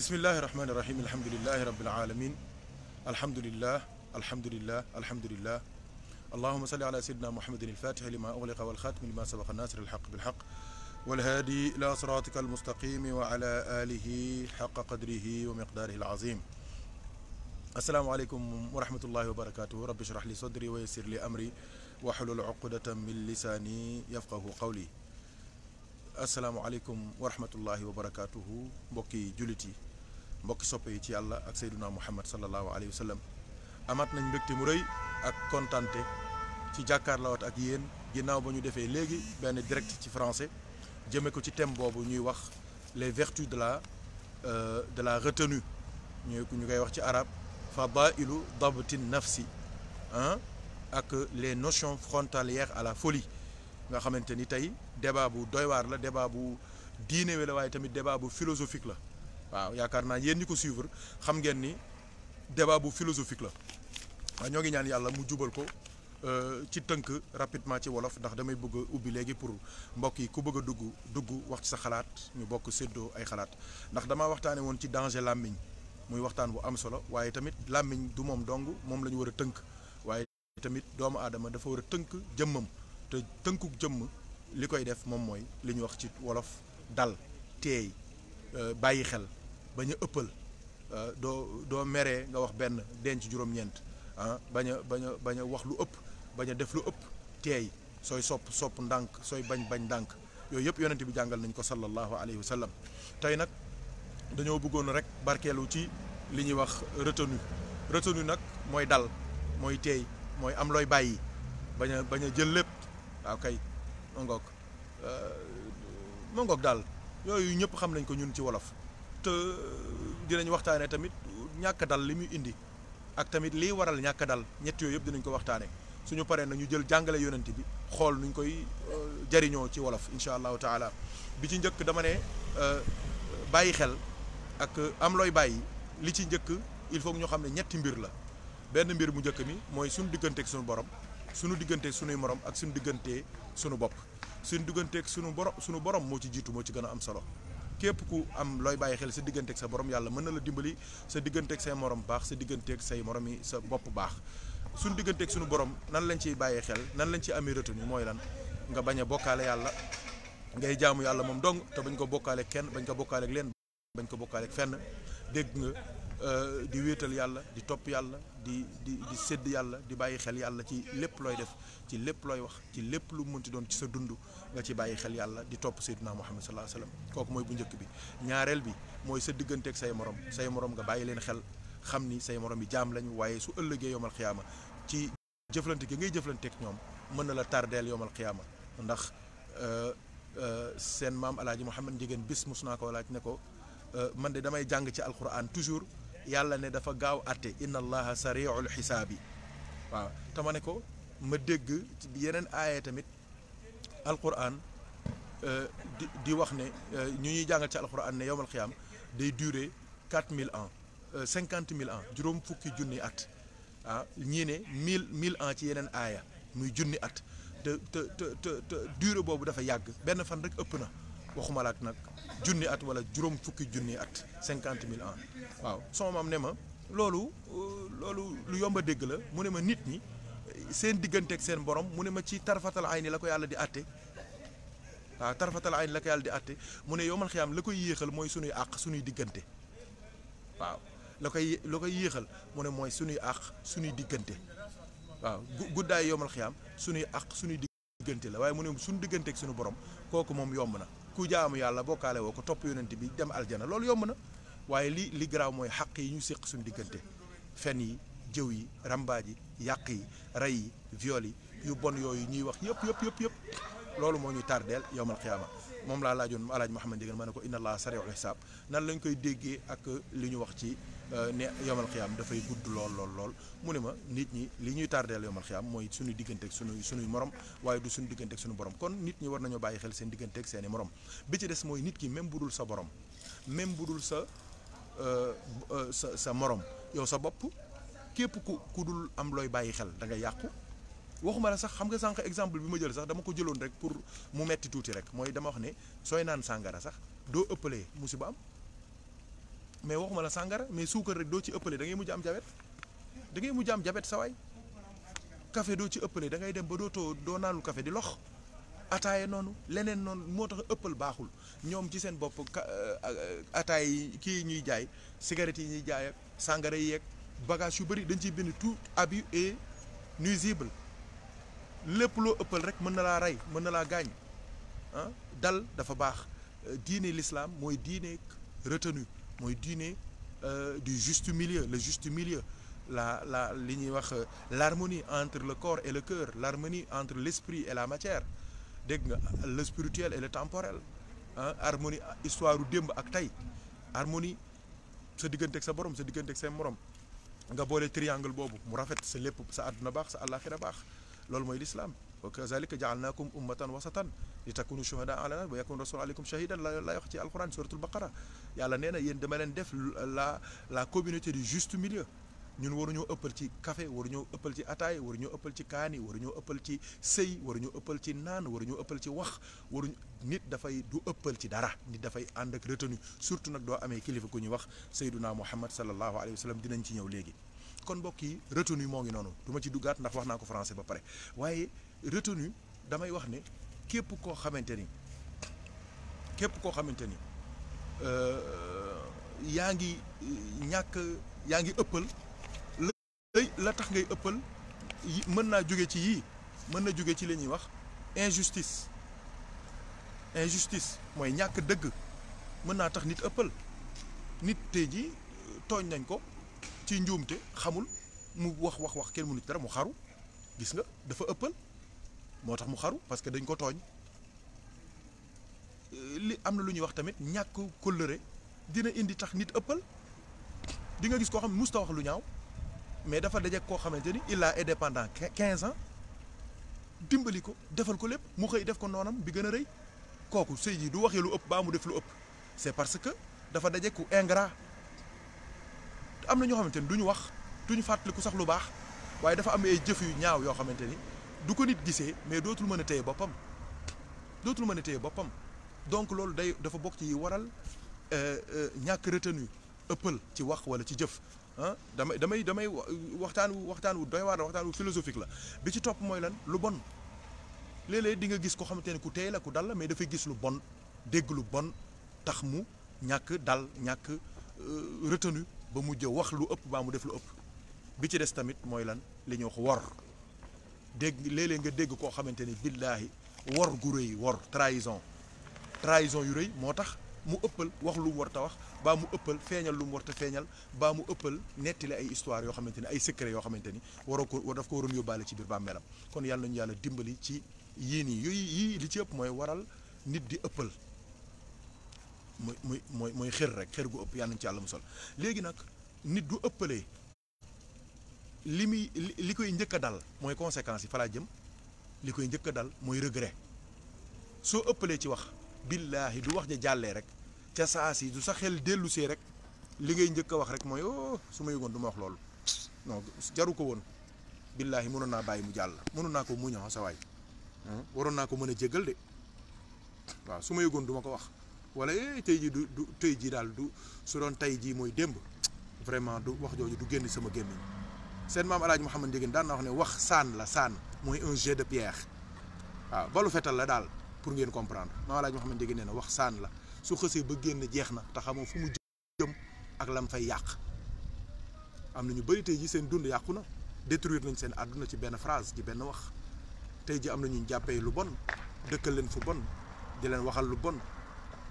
بسم الله الرحمن الرحيم الحمد لله رب العالمين الحمد لله الحمد لله الحمد لله اللهم صل على سيدنا محمد الفاتح لما أغلق والخاتم لما سبق الناصر الحق بالحق والهادي إلى صراطك المستقيم وعلى آله حق قدره ومقداره العظيم السلام عليكم ورحمة الله وبركاته رب اشرح لي صدري ويسر لي أمري وحلل عقدة من لساني يفقه قولي السلام عليكم ورحمة الله وبركاته بوكي جولتي mbok soppe ci yalla ak sayyiduna muhammad sallallahu alayhi wa sallam amaat nañ mbekté mu reuy ak contenté ci jakar lawat ak yeen ginnaw bañu défé légui léegi direct ci français jëme ko ci thème bobu ñuy wax les vertus de la euh, de la retenue ñu ñu koy wax ci arab fadailu dabtin nafsi hein ak les notions frontalières à la folie nga xamante tay débat bu doy war la débat bu diiné wala waaye tamit débat bu philosophique la waaw yaakaar naa yéen ñi ko suivre xam ngeen ni débat bu philosophique la waaw ñoo ngi ñaan yàlla mu jubal ko euh, ci tënk rapidement ci wolof ndax damay bëgg ubbi léegi pour mbokk yi ku bëgg a dugg dugg wax ci sa xalaat ñu bokk séddoo ay xalaat ndax dama waxtaane woon ci danger làmmiñ muy waxtaan bu am solo waaye tamit làmmiñ du moom dong moom la ñu war a tënk waaye tamit doomu aadama dafa war a tënk jëmmam te tënku jëmm li koy def moom mooy li wax ci wolof dal teey euh, bàyyi xel bañ a ëppal euh, doo doo meree nga wax benn denc juróom-ñeent ah bañ a bañ bañ wax lu ëpp bañ a def lu ëpp teey sooy sopp sopp ndànk sooy bañ bañ ndànk yooyu yëpp yonent bi jàngal nañ ko sallallahu alayhi wa sallam tey nag dañoo bëggoon rek barkeelu ci li ñuy wax retenu retenu nag mooy dal mooy teey mooy am looy bàyyi bañ a bañ a jël lépp waaw ah, kay mongoog euh, mongoog daal yooyu ñëpp xam nañ ko ñun ci wolof te dinañ waxtaanee tamit ñàkk dal li muy indi ak tamit liy waral ñàkk dal ñetti yooyu yëpp dinañ ko waxtaanee suñu paree na ñu jël jàngale yonent bi xool nuñ koy euh, jariñoo ci wolof incha allahu taala bi ci njëkk dama ne euh, bàyyi xel ak am looy bàyyi li ci njëkk il faut ñu xam ne ñetti mbir la benn mbir mu njëkk mi mooy suñu digganteeg suñu borom suñu digganteeg suñuy morom ak suñu diggantee suñu bopp suñu digganteeg suñu borom suñu borom moo ci jiitu moo ci gën a am solo képp ku am looy bàyyi xel sa digganteeg sa borom yàlla mën na la dimbali sa digganteeg say morom baax sa digganteeg say morom yi sa bopp baax suñ digganteeg suñu borom nan lañ ciy bàyyi xel nan lañ ci amee retenu mooy lan nga bañ a bokkaale yàlla ngay jaamu yàlla moom dong te bañ ko bokkaale kenn bañ ko bokkaale leen bañ ko bokkaale fenn dégg nga Euh, di wétal yalla di top yalla di di di sedd yalla di bayyi xel yalla ci lepp loy def ci lepp loy wax ci lepp lu ci doon ci sa dundu nga ci bayyi xel yalla di top sayyidina muhammad sallallahu alaihi wasallam koku moy bu ñëkk bi ñaareel bi moy sa ak say morom say morom nga bayyi leen xel xamni say morom bi jaam lañ waaye su ëllëgé yowal qiyamah ci jëflanté gi ngay ak ñom mën na la tardel yowal qiyamah ndax euh, euh, sen mam muhammad digeen bis musna ko laaj ne ko man de damay jang ci alquran toujours yàlla ne dafa gaaw atte inna allaha sariul xisaabi waaw te ma ne ko ma dégg ci yeneen aaya tamit alquran di di wax ne ñu ñuy jàngal ci alquran ne yowmal xiyaam day durer quatre mille ans cinquante mille ans juróom fukki junni at ah ñii ne mille mille ans ci yeneen aaya muy junni at te te te te durée boobu dafa yàgg benn fan rek ëpp na waxuma laat nag junni at wala juróom fukki junni at cinquante mille ans waaw sama maam ne ma loolu euh, loolu lu yomb dégg la mu ne ma nit ñi seen diggante ak seen borom mu ne ma ci tarafatal ay ni la ko yàlla di àtte waaw tarfatal ay ni la ko yàlla di àtte mu ne yowmal xiyaam la koy yéexal mooy sunuy àq sunuy diggante waaw la koy la koy yéexal mu ne mooy sunuy àq sunuy diggante waaw guddaay yowmal xiyaam sunuy àq sunuy diggante la waaye mu ne suñu diggante ak sunu borom kooku moom yomb na ku jaamu yàlla bokkaale woo ko topp yonent bi dem aljana loolu yomb na waaye li li garaaw mooy xaq yi ñu séq suñu diggante fen yi jëw yi rambaaj yi yàq yi rey yi viol yi yu bon yooyu ñuy wax yëpp yëpp yëpp yëpp loolu moo ñuy tardeel yowmal xiyaama moom laa laajoon alaaj Muhammad Ndiéguène ma ne ko inna allah sariul xisaab nan lañu koy déggee ak li ñu wax ci Euh, ne yomal xiyam fay gudd lol lol lol mu ma nit ñi li ñuy tardel yomal xiyam moy suñu digënté ak suñu suñu morom waye du suñu digënté ak suñu borom kon nit ñi war nañu bayyi xel seen digënté ak seen morom bi ci dess moy nit ki même budul sa borom même budul sa euh, euh sa morom yow sa bop képp ku ku dul am loy bayyi xel da nga yaqku waxuma la sax xam nga sank exemple bi ma jël sax dama ko jëlone rek pour mu metti tuuti rek moy dama wax ne soy nan sangara sax do ëppalé musiba am mais waxuma la sangara mais suukar rek do ci ëppale da ngay mujj am jabet da ngay mujj am jabet sawaay café do ci ëppale da ngay dem ba doto do naanul café di lox ataaye noonu lenen non motax tax baxul ñom ci sen bop euh, ataay ki ñuy jaay cigarette yi ñuy jaay ak sàngara yi yeeg bagage yu bari dañ ci bind tout abus et nuisible lepp lo ëppal rek mën na la ray mën na la gaañ ah dal dafa bax euh, diine l'islam moy diine retenu mooy diine euh, du juste milieu le juste milieu la la euh, l'harmonie entre le corps et le cœur l'harmonie entre l'esprit et la matière le spirituel et le temporel hein harmonie histoire demb ak tay harmonie sa du ak sa borom sa diggante ak sa morom nga bolé triangle bobu mu rafet sa lepp sa aduna bax sa wa kazalika jaalnaakum ummatan wasatan li takunu shuhada ala nas wa yakun rasul aleykum shahidan la nee na yéen dama leen def la la communauté du juste milieu ñun waruñoo ëppal ci café waruñoo ëppal ci ataay waruñoo ëppal ci kaani waruñoo ëppal ci sëy waruñoo ëppal ci naan waruñoo ëppal ci wax waruñu nit dafay du ëppal ci dara nit dafay ànd ak retenu surtout nag doo amee kilifa ku ñuy wax sayduna muhammad sallallahu alayhi wa sallam dinañ ci ñëw léegi kon mbokk yi retenu moo ngi noonu duma ci duggaat ndax wax naa ko français ba pare waaye retenu damay wax ne képp koo xamante ni képp koo xamante ni euh, yaa ngi ñàkk yaa ngi ëppal la tax ngay ëppal mën naa jóge ci yii mën na jóge ci li ñuy wax injustice injustice mooy ñàkk dëgg mën naa tax nit ëppal nit tey jii tooñ nañ ko ci njuumte xamul mu wax wax wax kenn mënu ci dara mu xaru gis nga dafa ëppal moo tax mu xaru parce que dañ ko tooñ li am na lu ñuy wax tamit ñàkk kóllëre dina indi tax nit ëppal di nga gis koo xam ne musta wax lu ñaaw mais dafa daje koo xamante ni il a est dépendant quinze ans dimbali ko defal ko lépp mu xëy def ko noonam bi gën a rëy kooku sëy jii du waxee lu ëpp baa mu def lu ëpp c'est parce que dafa daje ku ingrat am na ñoo xamante ni duñu wax duñu fàttaliku sax lu baax waaye dafa am ay jëf yu ñaaw yoo xamante ni du ko nit gisee mais dootul mën a téye boppam dootul mën a téye boppam donc loolu day dafa bokk ci waral euh, euh, ñàkk retenu ëppal ci wax wala ci jëf ah damay damay damay waxtaan wu waxtaan wu doy waar la waxtaan wu philosophique la bi ci topp mooy lan lu bon léeg-léeg di nga gis ko xamante ne ku teey la ku dal la mais dafay gis lu bon dégg lu bon tax mu ñàkk dal ñàkk euh, retenu ba mujj wax lu ëpp baa mu def lu ëpp bi ci des tamit mooy lan li ñuy wax wor dégg léeg-léeg nga dégg koo xamante ni billaahi wor gu rëy wor trahison trahison yu rëy moo tax mu ëppal wax lu mu war ta wax baa mu ëppal feeñal lu mu war feeñal baa mu ëppal nettali ay histoire yoo xamante ni ay secret yoo xamante ni waroo ko daf ko waroon yóbbaale ci biir bàmmeelam kon yàlla nañu yàlla dimbali ci yii nii yooyu yii li ci ëpp mooy waral nit di ëppal muy muy mooy mooy xër rek xër gu ëpp yàlla nañu ci mu sol léegi nag nit du ëppalee limi liku li koy njëkk a dal mooy conséquences fa laa jëm li koy njëkk a dal mooy regret so ëppalé ci wax billahi du wax ja jallé rek ca saasi du sa xel sé rek li ngay njëkk wax rek moy oh suma ma duma du wax lool non jaru ko won billahi mënoon naa bàyyi mu jall mënoon naa ko muñu ah, sa way hmm? waron ko de waaw su du ko wax wala eh tay ji du tay ji dal du su doon tay ji moy demb vraiment du wax joju du génn sama gemmi seen maam El Hadj Mouhamad Ndiéguène daan na wax ne wax saan la saan mooy un g de pierre waaw balu fetal la daal pour ngeen comprendre maam El Hadj Mouhamad Ndiéguène nee na wax saan la su xësee ba génn jeex na te xamoo fu mu jëm ak lam fay yàq am na ñu bëri tey ji seen dund yàqu na détruire nañ seen àdduna ci benn phrase ci benn wax tey ji am na ñu jàppee lu bon dëkkal leen fu bon di leen waxal lu bon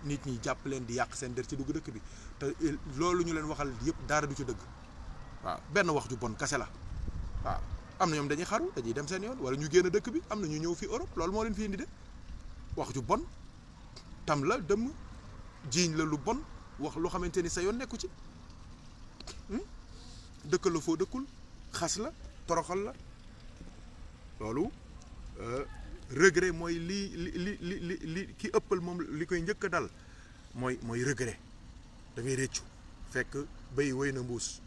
nit ñi jàpp leen di yàq seen der ci dugg dëkk bi te loolu ñu leen waxal yëpp dara du ci dëgg waaw benn wax ju bon kasse la wa amna ñom dañuy xaru dañuy dem seen yoon wala ñu gëna dëkk bi amna ñu ñëw fi Europe lool mo leen fi indi de wax ju bon tam la dem jiñ la lu bon wax lu xamanteni sa yoon neeku ci hmm? dëkk la fo dëkkul xass la toroxal la loolu euh, regret moy li li li li li ki ëppal mom li koy njëkk dal moy moy regret da ngay réccu fekk bay wayna mbuss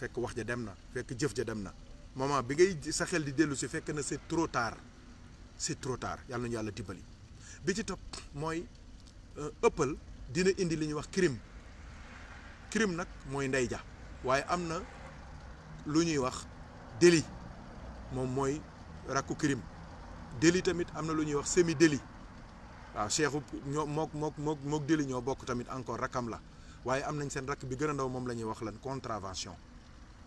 fekk wax ja dem na fekk jëf ja dem na moment bi ngay sa xel di dellu si fekk na c'est trop tard c'est trop tard yàlla nañu yàlla dimbali bi ci topp mooy ëppal euh, dina indi li ñuy wax crime crime nag mooy ndey ja waaye am na lu ñuy wax délit moom mooy rakku crime délit tamit am na lu ñuy wax semi délit waaw cheikhu ñoo mook mook mook mook délit ñoo bokk tamit encore rakam la waaye am nañ seen rakk bi gën a ndaw moom la ñuy wax lan contravention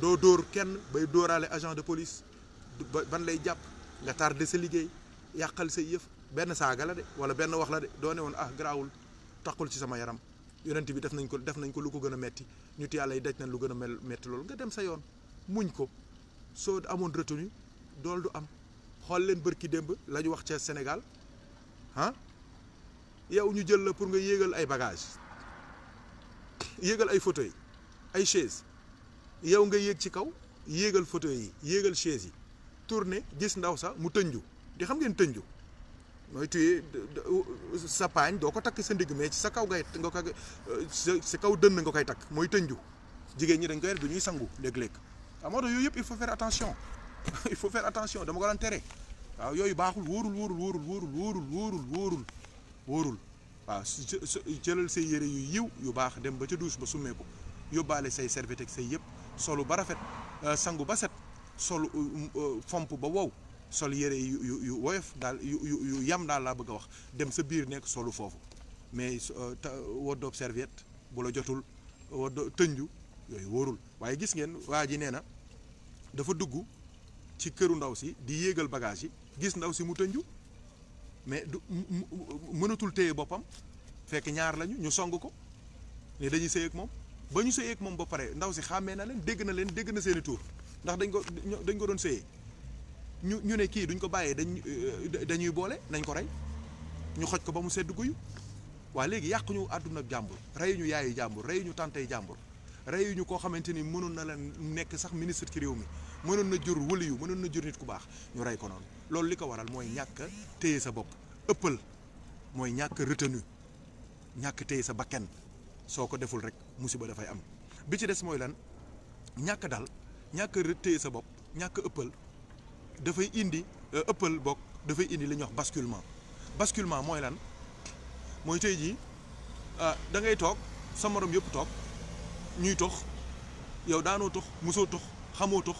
do dóor kenn bay dóoraale agent de police ban lay japp nga tardé sa liggéey yakal sa yef ben saaga la de wala ben wax la de doo ne ah garaawul takul ci sama yaram yonent bi def nañ ko def nañ ko lu ko gëna metti ñu ti yi daj nañ lu gëna mel metti lool nga dem sa yoon muñ ko so amone retenu dool du am xol leen bërki demb la wax ci Sénégal han ah? yow ñu jël la pour nga yégal ay bagages yégal ay fauteuils ay chaises yow nga yéeg ci kaw yéegal photo yi yéegal chaise yi tourner gis ndaw sax mu tënju di xam ngeen tënju mooy tuyee sa paañ doo ko takk sa ndigg mais ci sa kaw ngay nga ko sa kaw dënn nga koy takk mooy tënju jigéen ñi dañ koy def du ñuy sangu léeg-léeg waaw ah, moo tax yooyu yëpp il faut faire attention il faut faire attention dama ko daan tere waaw yooyu baaxul wóorul wóorul wóorul wóorul wóorul wóorul wóorul wóorul waaw jëlal say yére yu yiw yu baax dem ba ca douche ba summee yóbbaale say serviette ak say yëpp solu ba rafet euh, sangu ba set sol euh, um, euh, fomp ba wow sol yére yu yu yu woyof daal yu yam daal laa bëgg a wax dem sa biir nekk solu foofu mais woddoob serviette bu la jotul woddoo tënju yooyu wóorul waaye gis ngeen waa ji nee na dafa dugg ci këru ndaw si di yéegal bagage yi gis ndaw si mu tënju mais du mënatul téye boppam fekk ñaar lañu ñu song ko ne dañuy sëy ak moom ba ñu sëyeeg moom ba pare ndaw si xàmmee na leen dégg na leen dégg na seeni i ndax dañ ko dañ ko doon sëyee ñu ñu ne kii duñ ko bàyyee dañ euh, dañuy boole nañ ko rey ñu xoj ko ba mu sedd guyu waa léegi yàq ñu àdduna jàmbur reyu ñu yaayu jàmbur reyu ñu tàntey jàmbur reyu ñu koo xamante ni mënoon na leen nekk sax ministre ci réew mi mënoon na jur wëliyu mënoon na jur nit ku baax ñu rey ko noonu loolu li ko waral mooy ñàkk téye sa bopp ëppal mooy ñàkk retenu ñàkk sa bakkan soo ko deful rek musiba dafay am bi ci des mooy lan ñàkk dal ñàkk téye sa bopp ñàkk ëppal dafay indi euh, ëppal bokk dafay indi li ñuy wax basculement basculement mooy lan mooy tey jii ah, da ngay toog sa morom yëpp toog ñuy tox yow daanoo tox mosoo tox xamoo tox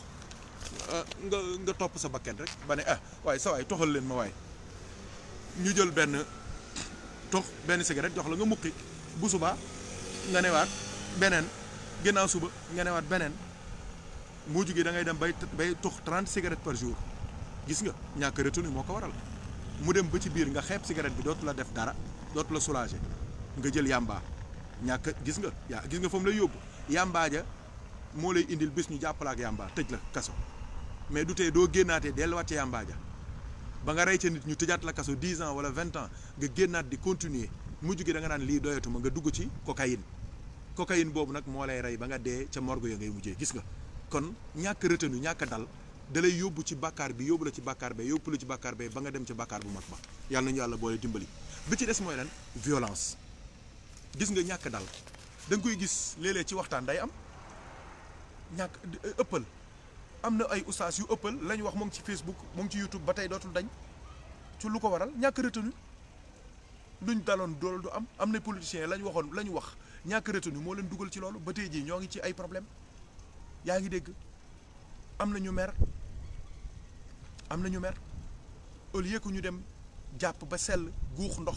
euh, nga nga topp sa bakken rek ba ne ah waaye sa waay toxal leen ma waay ñu jël benn tox benn cigarette jox la nga mukki bu subaa nga newat genau ginnaaw suba nga newat benen mujj gi da ngay dem bay bay tok 30 cigarettes par jour gis nga ñak retenu moko waral mu dem ba ci bir nga xép cigarette bi dot la def dara dot la soulager nga jël yamba ñak gis nga ya gis nga fam lay yob yamba ja mo lay indil bis ñu jappal ak yamba tejj la kaso mais du do gennaté del delluwaat ci ja ba nga ray ci nit ñu tejjat la kasso 10 ans wala 20 ans nga gennat di continuer mu gi da nga nan li doyatuma nga dugg ci cocaïne cocaïne boobu nag moo lay rey ba nga dee ca morgue ya ngay mujjee gis nga kon ñàkk retenu ñàkk dal dalay yóbbu ci bàkkaar bi yóbbu la ci bàkkaar bee yóbbu ci bàkkaar ba nga dem ca bàkkaar bu mag ba yàlla nañu yàlla boole dimbali bi ci des mooy lan violence gis nga ñàkk dal danga koy gis léeg ci waxtaan day am ñàkk ëppal am na ay ustaas yu ëppal lañu wax moom ci Facebook moom ci YouTube ba tey dootul dañ ci lu ko waral ñàkk retenu duñ daloon dool du am am na politiciens lañ waxoon lañ wax ñak retenu mo leen duggal ci lolu ba ji ñoo ngi ci ay problème yaa ngi dégg am nañu mer am nañu mer au lieu que ñu dem japp ba sel guux ndox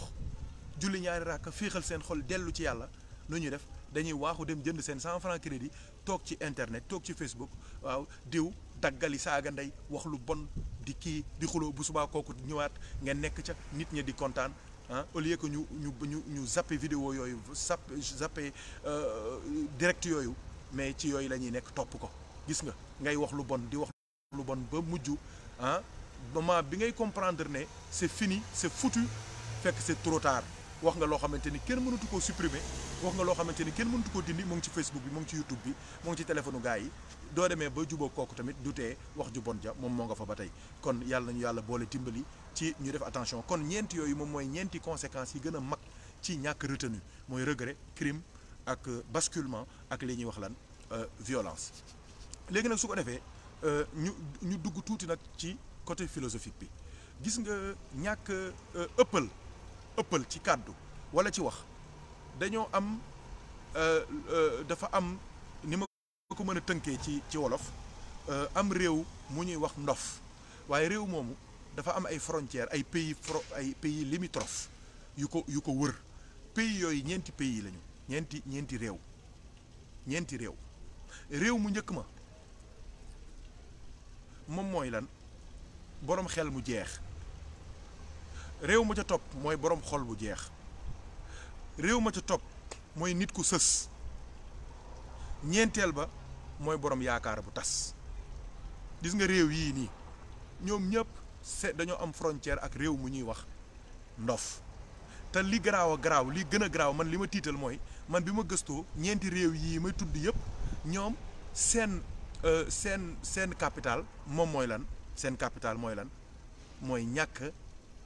julli ñaari fiixal seen xol delu ci yalla nu ñu def dañuy waxu dem jënd seen 100 francs crédit tok ci internet tok ci facebook waaw diw daggali saaga nday wax lu bon di ki di xulo bu suba koku ñewat nga nek ca nit ñi di contane Hein, au lieu que nous nous nous zappe vidéo zappe euh, mais ci lañuy nek top ko gis nga ngay bon di wax bon ba hein, moment comprendre c'est fini c'est foutu que c'est trop tard wax nga lo xamanteni ni kenn mënatu koo supprimer wax nga lo xamanteni ni kenn mënatu koo dindi mu ngi ci Facebook bi mo ngi ci YouTube bi mo ngi ci téléphone gaay yi doo demee ba jubóo kokku tamit du wax ju bon ja moom moo nga fa batay kon yalla nañu yalla boole timbali ci ñu def attention kon ñeenti yoyu mom moy ñeenti conséquences yi gën mak ci ñàkk retenu moy regret crime ak euh, basculement ak li ñi wax lan euh, violence. léegi nak su ko defee euh, ñu ñu dugg touti nak ci côté philosophique bi gis nga ñàkk ëppal. ëppal ci kàddu wala ci wax dañoo am euh, euh, dafa am ni ma ko mën a tënkee ci ci wolof euh, am réew mu ñuy wax ndof waaye réew moomu dafa am ay frontières ay pays ay pays limitrophes yu ko yu ko wër pays yooyu ñeenti pays lañu ñeenti ñeenti réew ñeenti réew réew mu njëkk ma moom mooy lan boroom xel mu jeex réew ma ca top moy borom xol bu jeex réew ma ca top moy nit ku sës ñentel ba moy borom yaakaar bu tass gis nga réew yi ni ñom ñep dañu am frontière ak réew mu ñuy wax ndof te li graw graw li gëna graw man lima ma moy man bima ma ñenti ñeenti réew yii may tudd yëpp sen euh, sen sen sen capital mom moy lan sen capital moy lan moy ñak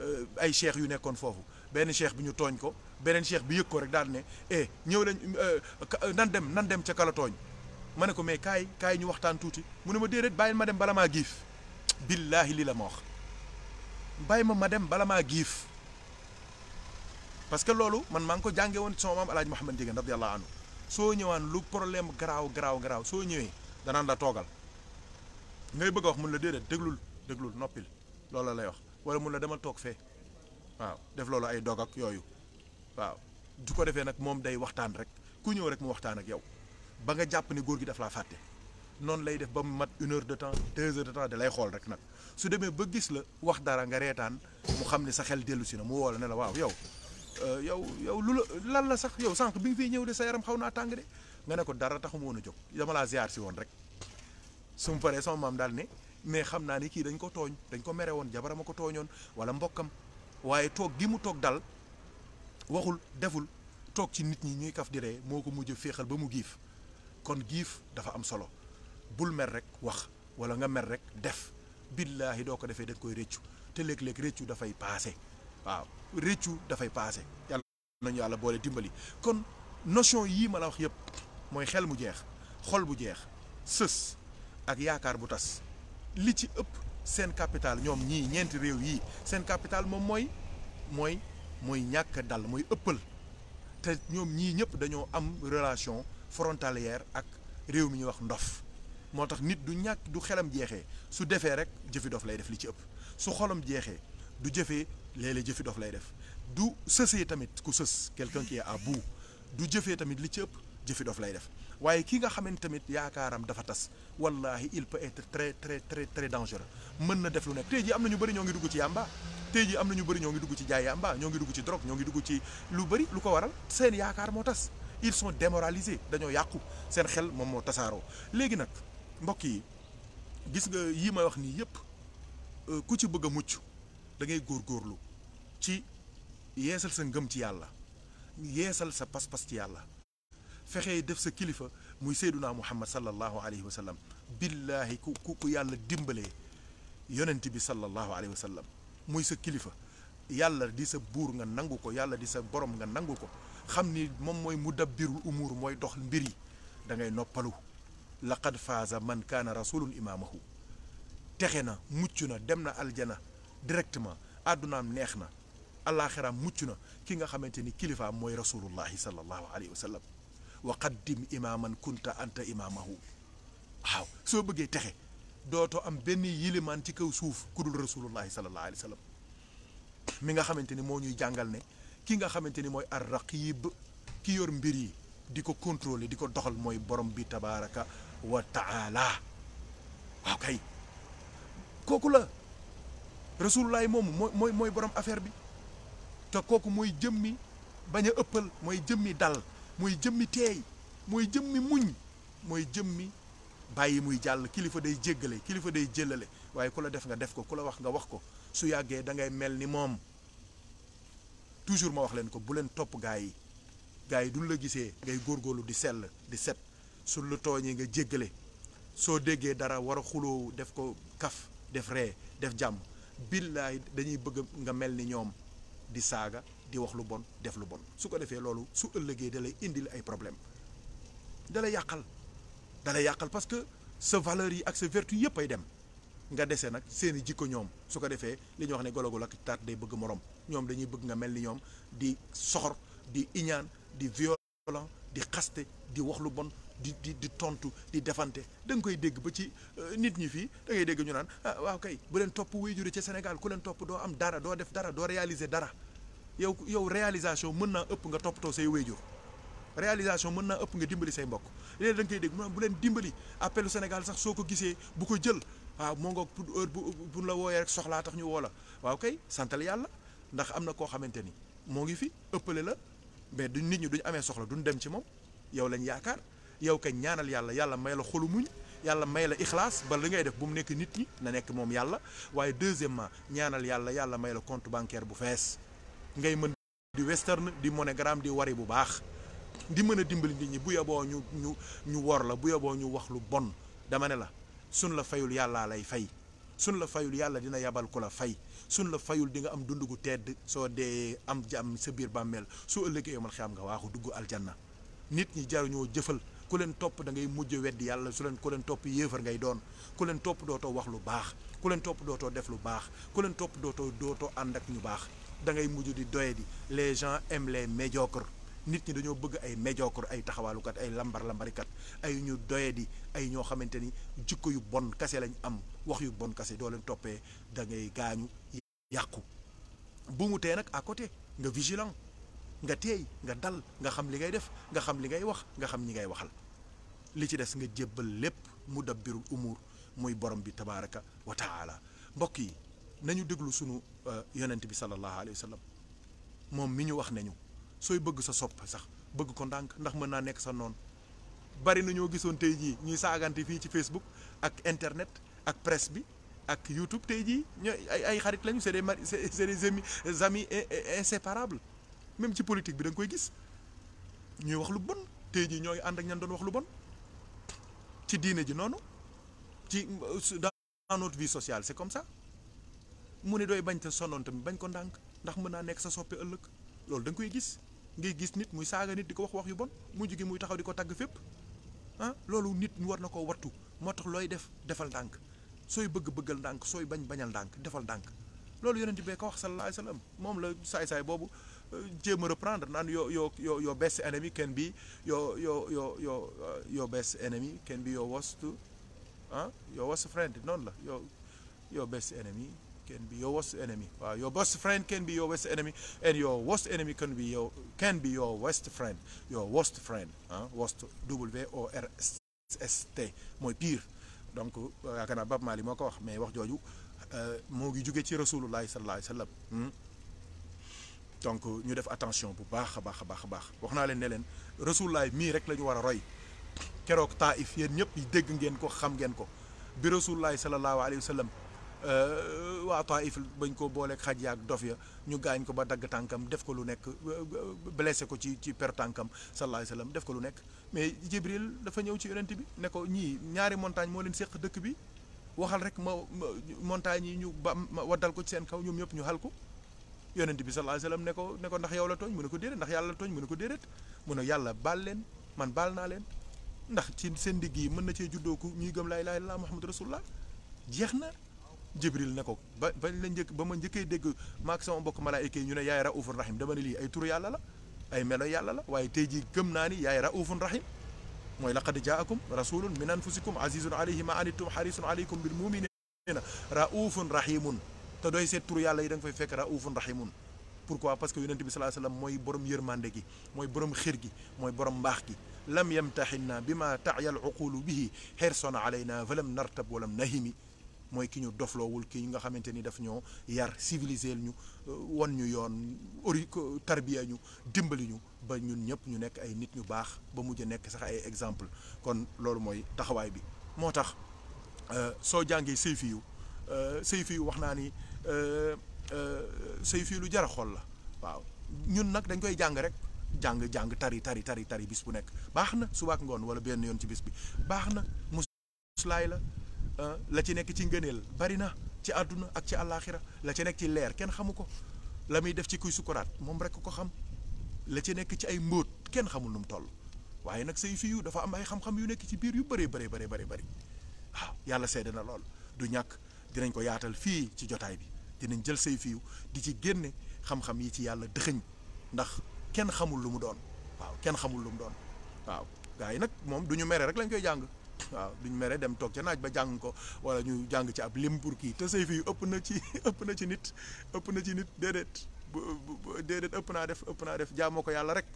Euh, ay cheikh yu nekkon fofu ben cheikh bi ñu ko benen cheikh bi yekko rek daal ne eh ñew Nandem, euh, euh, nan dem nan dem ci kala togn ma ko mais kay kay ñu waxtaan tuuti mu ne ma dedet bàyyil ma dem bala ma gif billahi lila mo wax bàyyi ma ma dem bala ma gif parce que lolu man mang ngi ko jànge woon sama maam El mohammed digen radiyallahu anhu so ñewan lu problème graw graw so ñewé da nan la togal ngay bëgg wax la dedet deglul deglul nopil lolu lay wax. wala mun la demal toog fee waaw def loolu ay dog ak yooyu waaw du ko defee nag moom day waxtaan rek ku ñëw rek mu waxtaan ak yow ba nga jàpp ne góor gi daf laa fàtte noonu lay def ba mu mat une heure de temps deux heures de da lay xool rek nag su demee ba gis la wax dara nga reetaan mu xam ne sa xel dellu si na mu woo la ne la waaw yow euh, yow yow lu la lan la sax yow sanq bi nga fiy ñëw de sa yaram xaw naa tàng de nga ne ko dara taxu ma a jóg dama laa ziar si woon rek su paree sama maam daal ne. mais xam naa ni kii dañ ko tooñ dañ ko mere woon jabarama ko tooñoon wala mbokkam waaye toog gi mu toog dal waxul deful toog ci nit ñi ñuy kaf di ree moo ko mujj féexal ba mu giif kon giif dafa am solo bul mer rek wax wala nga mer rek def billaahi doo ko defee dañ koy réccu te léeg-léeg réccu dafay paase waaw rëccu dafay paase yàlla nañu yàlla boole dimbali kon notion yii ma la wax yépp mooy xel mu jeex xol bu jeex sës ak yaakaar bu tas li ci ëpp seen capital ñoom ñii ñeenti réew yi seen capital moom mooy mooy mooy ñàkk dal mooy ëppal te ñoom ñii ñëpp dañoo am relation frontalière ak réew mi ñu wax ndof moo tax nit du ñàkk du xelam jeexee su defee rek jëfi dof lay def li ci ëpp su xolam jeexee du jëfee léeg-léeg jëfi dof lay def du sësee tamit ku sës quelqu'un qui est à bout du jëfee tamit li ci ëpp jëfi dof lay def waaye ki nga xamante tamit yaakaaram dafa tas wallahi il peut être très très très très dangereux mën na def lu nekk tey jii am na ñu bëri ñoo ngi dugg ci yàmba tey jii am na ñu bëri ñoo ngi dugg ci jaay yàmba ñoo ngi dugg ci drogue ñoo ngi dugg ci lu bëri lu ko waral seen yaakaar moo tas ils sont démoralisés dañoo yàqu seen xel moom moo tasaaroo léegi nag mbokk yi gis nga yi may wax nii yépp euh, ku ci bëgg a mucc da ngay góorgóorlu ci yeesal sa ngëm ci yàlla yeesal sa pas-pas ci yàlla fexee def sa kilifa muy seyduna muhammad sallallahu alayhi wa sallam billaahi ku ku ku yàlla dimbalee yonent bi sallallahu alayhi wa sallam muy sa kilifa yàlla di sa buur nga nangu ko yàlla di sa borom nga nangu ko xam ni moom mooy mudabbirul umuur mooy dox mbir yi da ngay noppalu laqad faaza man kaana rasulun imaamahu texe na mucc na dem na aljana directement àddunaam neex na àllaaxiraam mucc na ki nga xamante ni kilifaam mooy rasulullahi sallallahu alayhi wa sallam wa qaddim imaaman kunta waaw soo bëggee texe dootoo am benn yilimaan ci kaw suuf ku dul rasulullahi sallallahu alayhi mi nga xamante ni moo ñuy jàngal ne ki nga xamante ni mooy ar raqib ki yor mbir yi di ko contrôler di ko doxal mooy borom bi tabaraka wa taala waaw kay kooku la rasulullahi moomu mooy mooy borom affaire bi te kooku mooy jëmmi bañ a ëppal mooy jëmmi dal moy jëmmi tey moy jëmmi muñ moy jëmmi bayyi muy jall kilifa day jéggalé kilifa day kola waye kula def nga def ko kula wax nga wax ko su yagge da ngay melni mom toujours ma wax len ko bu len top gaay gaay duñ la gisé ngay gorgolu di sel di set su lu toñi nga jéggalé so déggé dara war xulo def ko kaf def ré def jam billahi dañuy bëgg nga melni ñom di saga di wax lu bon def lu bon su ko defé loolu su ëllëgé da lay indil ay problème da lay yàqal da lay parce que sa valeur yi ak sa vertu yépp ay dem nga déssé nak seeni jikko ñom su ko defé li ñu wax né gologu lak taat day bëgg morom ñom dañuy bëgg nga melni ñom di soxor di iñaan di violent di xasté di wax lu bon di di di tontu di defante dang koy deg ba ci euh, nit ñi fi da ngay deg ñu naan ah, waaw kay bu len top wuy jure ca ku len top do am dara do def dara do réaliser dara yow yow réalisation mën naa ëpp nga toppatoo say wéyjur réalisation mën naa ëpp nga dimbali say mbokk léegi da nga koy dégg mu bu leen dimbali appelu Sénégal sax soo ko gisee bu ko jël waaw moo ngoog pour heure bu bu la wooyee soxlaa tax ñu woo waaw kay santal yàlla ndax na koo xamante ni moo ngi fi ëppale la mais duñ nit ñi duñ amee soxla duñ dem ci moom yow lañ yaakaar yow kañ ñaanal yàlla yàlla may la xolu muñ yàlla may la ixlaas ba li ngay def bu mu nekk nit ñi na nekk moom yàlla waaye deuxièmement ñaanal yàlla yàlla may la compte bancaire bu fees ngay mën di western di monogramme di wari bu baax di mën a dimbali nit ñi bu yeboo ñu ñu ñu wor la bu yeboo ñu wax lu bon dama ne la sun la fayul yàlla lay fay sun la fayul yàlla dina yabal ku la fay sun la fayul di nga am dund gu tedd soo dee am jàmm sa biir bàmmeel su ëllëgee yomal xiyaam nga waaxu dugg aljanna nit ñi jaruñoo jëfal ku leen topp da ngay mujj weddi yàlla su leen ku leen topp yéefar ngay doon ku leen topp dootoo wax lu baax ku leen topp dootoo def lu baax ku leen topp dootoo dootoo ànd ak ñu baax da ngay mujj di doyadi les gens aiment les nit ñi dañoo bëgg ay médiocre ay taxawaalukat ay lambar lambarikat ay ñu doyadi ay ñoo xamante ni jikko yu bon kase lañ am wax yu bon kase doo leen toppee da ngay gaañu yàqu bu mu tee nag à côté nga vigilant nga teey nga dal nga xam li ngay def nga xam li ngay wax nga xam ñi ngay waxal li ci des nga jébbal lépp mu dabbirul umur muy borom bi tabaaraka wa taala mbokk yi nañu déglu sunu euh, yonent bi sallallahu alayhi wa sallam moom mi ñu wax nañu sooy bëgg sa sopp sax bëgg ko ndànk ndax mën naa nekk sa noonu bari na ñoo gisoon tey jii ñuy saagante fii ci Facebook ak internet ak presse bi ak YouTube tey jii ñooy ay ay xarit lañu c'est des mari c'est des amis amis inséparables même ci politique bi da koy gis ñuy wax lu bon tey jii ñooy ànd ak ñan doon wax lu bon ci diine ji noonu ci euh, dans notre vie sociale c'est comme sax mu ne doy bañ te sonontam bañ ko ndank ndax mëna nek sa soppi ëlëk lool dang koy gis ngay gis nit muy saga nit di wax wax yu bon mu jigi muy taxaw di tag fep fépp ah loolu nit ñu war nako wattu moo tax soi def defal ndank soy bëgg bëggal ndank soy bañ bañal ndank defal ndank loolu yonent bee ko wax sallallahu alayhi wasallam mom la say say bobu euh, jéem reprendre nan yo yo yo yo best enemy can be yo yo yo yo yo euh, best enemy can be your worst ah your worst friend non la yo yo best enemy can be your worst enemy. Uh, your best friend can be your worst enemy, and your worst enemy can be your can mooy pire donc euh, yaakaar na Bab Mali moo ko wax mais wax jooju euh, moo ngi jóge ci Rasulullah sallallahu alayhi wa sallam hmm? donc ñu def attention bu baax a baax a baax baax wax naa leen ne leen Rasulullah mii rek la ñu war a roy keroog Taif yéen ñëpp dégg ngeen ko xam ngeen ko bi Rasulullah sallallahu alayhi wa Euh, waa Taif bañ ko booleeg xaj yaak dof ya ñu gaañ ko ba dagg tànkam def ko lu nekk euh, blessé ko ci ci per tànkam sallallahu alayhi wasallam def ko lu nekk mais Jibril dafa ñëw ci yonent bi ne ko ñii ñaari montagne moo leen séq dëkk bi waxal rek ma montagne yi ñu ba waddal ko ci seen kaw ñoom ñëpp ñu xal ko yonent bi sallallahu alayhi wasallam ne ko ne ko ndax yow la tooñ mu ne ko déedéet ndax yàlla la tooñ mu ne ko déedéet mu ne yàlla baal leen man baal naa leen ndax ci seen digg yi mën na cee juddoo ku ñuy gëm laa ilaaha illallaah muhammadu rasulullah jeex na جبريل نكو با ba bañ la njëkk ba ma njëkkee dégg maak sama mbokk malaayika yi ñu ne yaay raufun rahim dama ne lii ay turu yàlla la ay melo yàlla la waaye tey jii gëm naa ni yaay raufun rahim mooy laqad jaakum rasulun min anfusikum azizun alayhi ma anittum harisun alaykum bil muminina raufun rahimun te doy seet turu rahimun pourquoi parce que yonente bi alayhi wasallam moy borom yërmande gi moy borom xir gi moy borom bax gi lam yamtahinna bima ta'yal al uqulu bihi hirsan alayna falam nartab walam nahimi mooy ki ñu dofloowul ki nga xamante ni daf ñoo yar civiliser ñu euh, won ñu yoon ori tarbiya ñu dimbali ñu ba ñun ñëpp ñu nekk ay nit ñu baax ba mujj a nekk sax ay exemple kon loolu mooy taxawaay bi moo tax euh, soo jàngee Seyfiyu euh, Seyfiyu wax naa ni Seyfiyu lu jar a xool la waaw ñun nag dañ koy jàng rek jàng jàng tari tari tari bis bu nekk baax na subaak ngoon wala benn yoon ci bis bi baax na muslaay la la ci nekk ci ngëneel bari na ci àdduna ak ci àllaaxira la ci nekk ci leer kenn xamu ko la muy def ci kuy sukuraat moom rek ko xam la ci nekk ci ay mbóot kenn xamul nu mu toll waaye nag say fiyu dafa am ay xam yu nekk ci biir yu bëree bëree bëree bëri bëri waaw yàlla seede na lool du ñàkk dinañ ko yaatal fii ci jotaay bi dinañ jël say fiyu di ci génne xam yi ci yàlla dëxëñ ndax kenn xamul lu mu doon waaw kenn xamul lu doon waaw gars yi nag moom du ñu mere rek lañ koy jàng. waaw duñ mere dem toog ca naaj ba jàng ko wala ñu jàng ci ab lim pour kii te say fii ëpp na ci ëpp na ci nit ëpp na ci nit déedéet déedéet ëpp naa def ëpp naa def jaamoo ko yàlla rek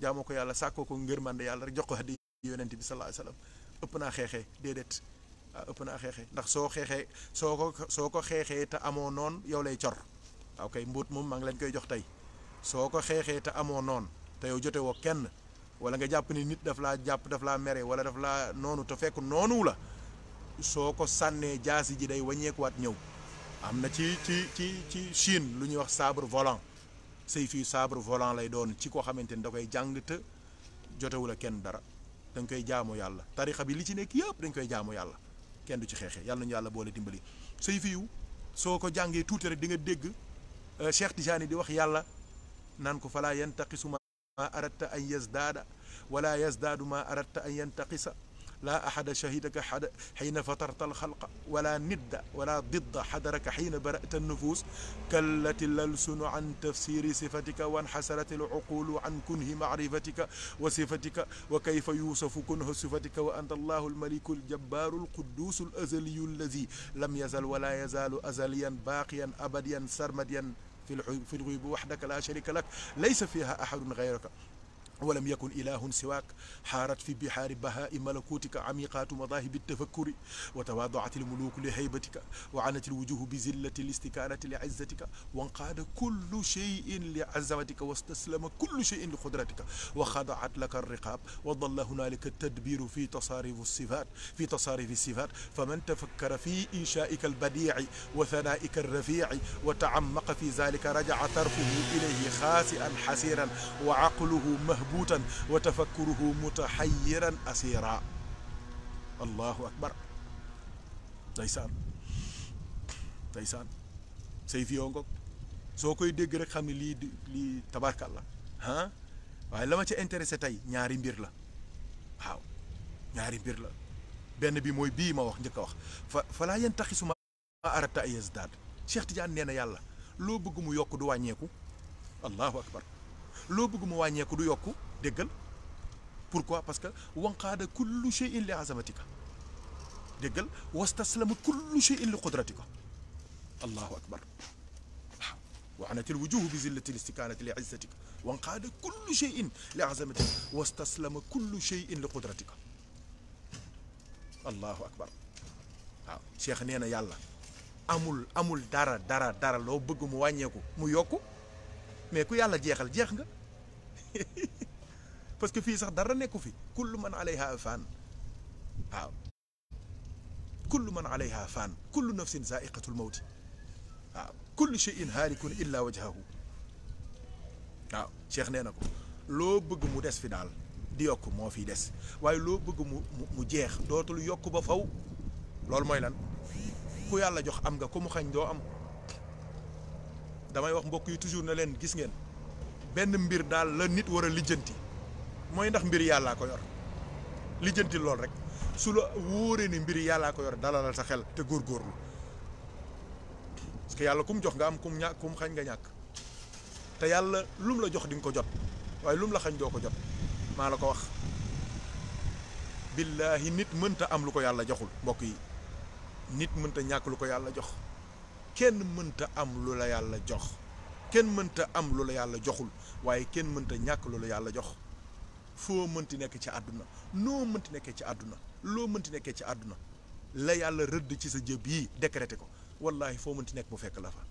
jaamoo ko yàlla sàkkoo ko ngir ngërmande yàlla rek jox ko hadi yonent bi sallallahu alayhi wasallam ëpp naa xeexee déedéet waaw ëpp naa xeexee ndax soo xeexee soo ko soo ko xeexee te amoo noon yow lay cor waaw kay mbóot moom mag lañ koy jox tey soo ko xeexee te amoo noon te yow jote woo kenn wala nga jàpp ni nit daf la jàpp daf laa mere wala daf laa noonu te fekk noonu la soo ko sànnee jaasi ji day wàññeekuwaat ñëw am na ci ci ci ci Chine lu ñuy wax sabre volant say fii sabre volant lay doon ci koo xamante ni da koy jàng te jotewul a kenn dara dañ koy jaamo yàlla tarixa bi li ci nekk yëpp dañ koy jaamu yàlla kenn du ci xeexee yàlla nañu yàlla boole dimbali say tuuti rek di nga dégg euh, Cheikh di wax yàlla naan ko falaa yan taqisuma ما أردت أن يزداد ولا يزداد ما أردت أن ينتقص لا أحد شهدك حد حين فطرت الخلق ولا ند ولا ضد حضرك حين برأت النفوس كلت الألسن عن تفسير صفتك وانحسرت العقول عن كنه معرفتك وصفتك وكيف يوصف كنه صفتك وأنت الله الملك الجبار القدوس الأزلي الذي لم يزل ولا يزال أزليا باقيا أبديا سرمديا في الغيوب وحدك لا شريك لك ليس فيها أحد غيرك ولم يكن إله سواك حارت في بحار بهاء ملكوتك عميقات مذاهب التفكر وتواضعت الملوك لهيبتك وعنت الوجوه بزلة الاستكانة لعزتك وانقاد كل شيء لعزمتك واستسلم كل شيء لقدرتك وخضعت لك الرقاب وظل هنالك التدبير في تصاريف الصفات في تصاريف الصفات فمن تفكر في إنشائك البديع وثنائك الرفيع وتعمق في ذلك رجع طرفه إليه خاسئا حسيرا وعقله مهب mahbutan wa tafakkuruhu mutahayyiran asira allahu akbar Taisan Taisan sey fi ngok soo koy dégg rek xam li li tabarakallah ha way lama la ci intéressé tay ñaari mbir la waw ñaari mbir la ben bi moy bi ma wax njëkk wax fa la yen arata ayzdad cheikh tidiane neena yalla lo bëgg mu yok du wàññeeku allahu akbar lo bëgg mu wañé ko du yokku déggal pourquoi parce que wanqada kullu shay'in li azamatika déggal wastaslama kullu shay'in li الله اكبر وعنت الوجوه بزله الاستكانه لعزتك وانقاد كل شيء لعزمتك واستسلم كل شيء لقدرتك الله اكبر شيخ نينا الله امول امول دارا دارا دارا لو بغ مو مو يوكو mais ku yàlla jeexal jeex nga parce que fii sax dara nekku fi kullu man alayha fan waaw kullu man alayha fan kullu nafsin zaiqatul mawti waaw kullu shay'in halikun illa wajhahu waaw cheikh nee na ko loo bëgg mu des fi daal di yokk moo fiy des waaye loo bëgg mu mu jeex dootul yokk ba faw loolu mooy lan ku yàlla jox am nga ku mu xañ doo am damay wax mbokk yi toujours na len gis ngeen benn mbir dal la nit wara lijeenti moy ndax mbir yalla ko yor lijeenti lol rek su la wore ni mbir yalla ko yor dalalal sa xel te góorgóorlu parce que yalla kum jox nga am kum ñak kum xagn nga ñak te yalla lum la jox ding ko jot way lum la xagn do ko jot maa ko wax billahi nit mënta am lu ko yalla joxul mbokk yi nit mënta ñak lu ko yalla jox kenn mënta am lu la yàlla jox kenn mënta am lu la yàlla joxul waaye kenn mënta ñàkk lu la yàlla jox foo mënti nekk ci àdduna noo mënti nekkee ci àdduna loo mënti nekkee ci àdduna la yàlla rëdd ci sa jëb yii décrété ko wallahi foo mënti nekk mu fekk la fa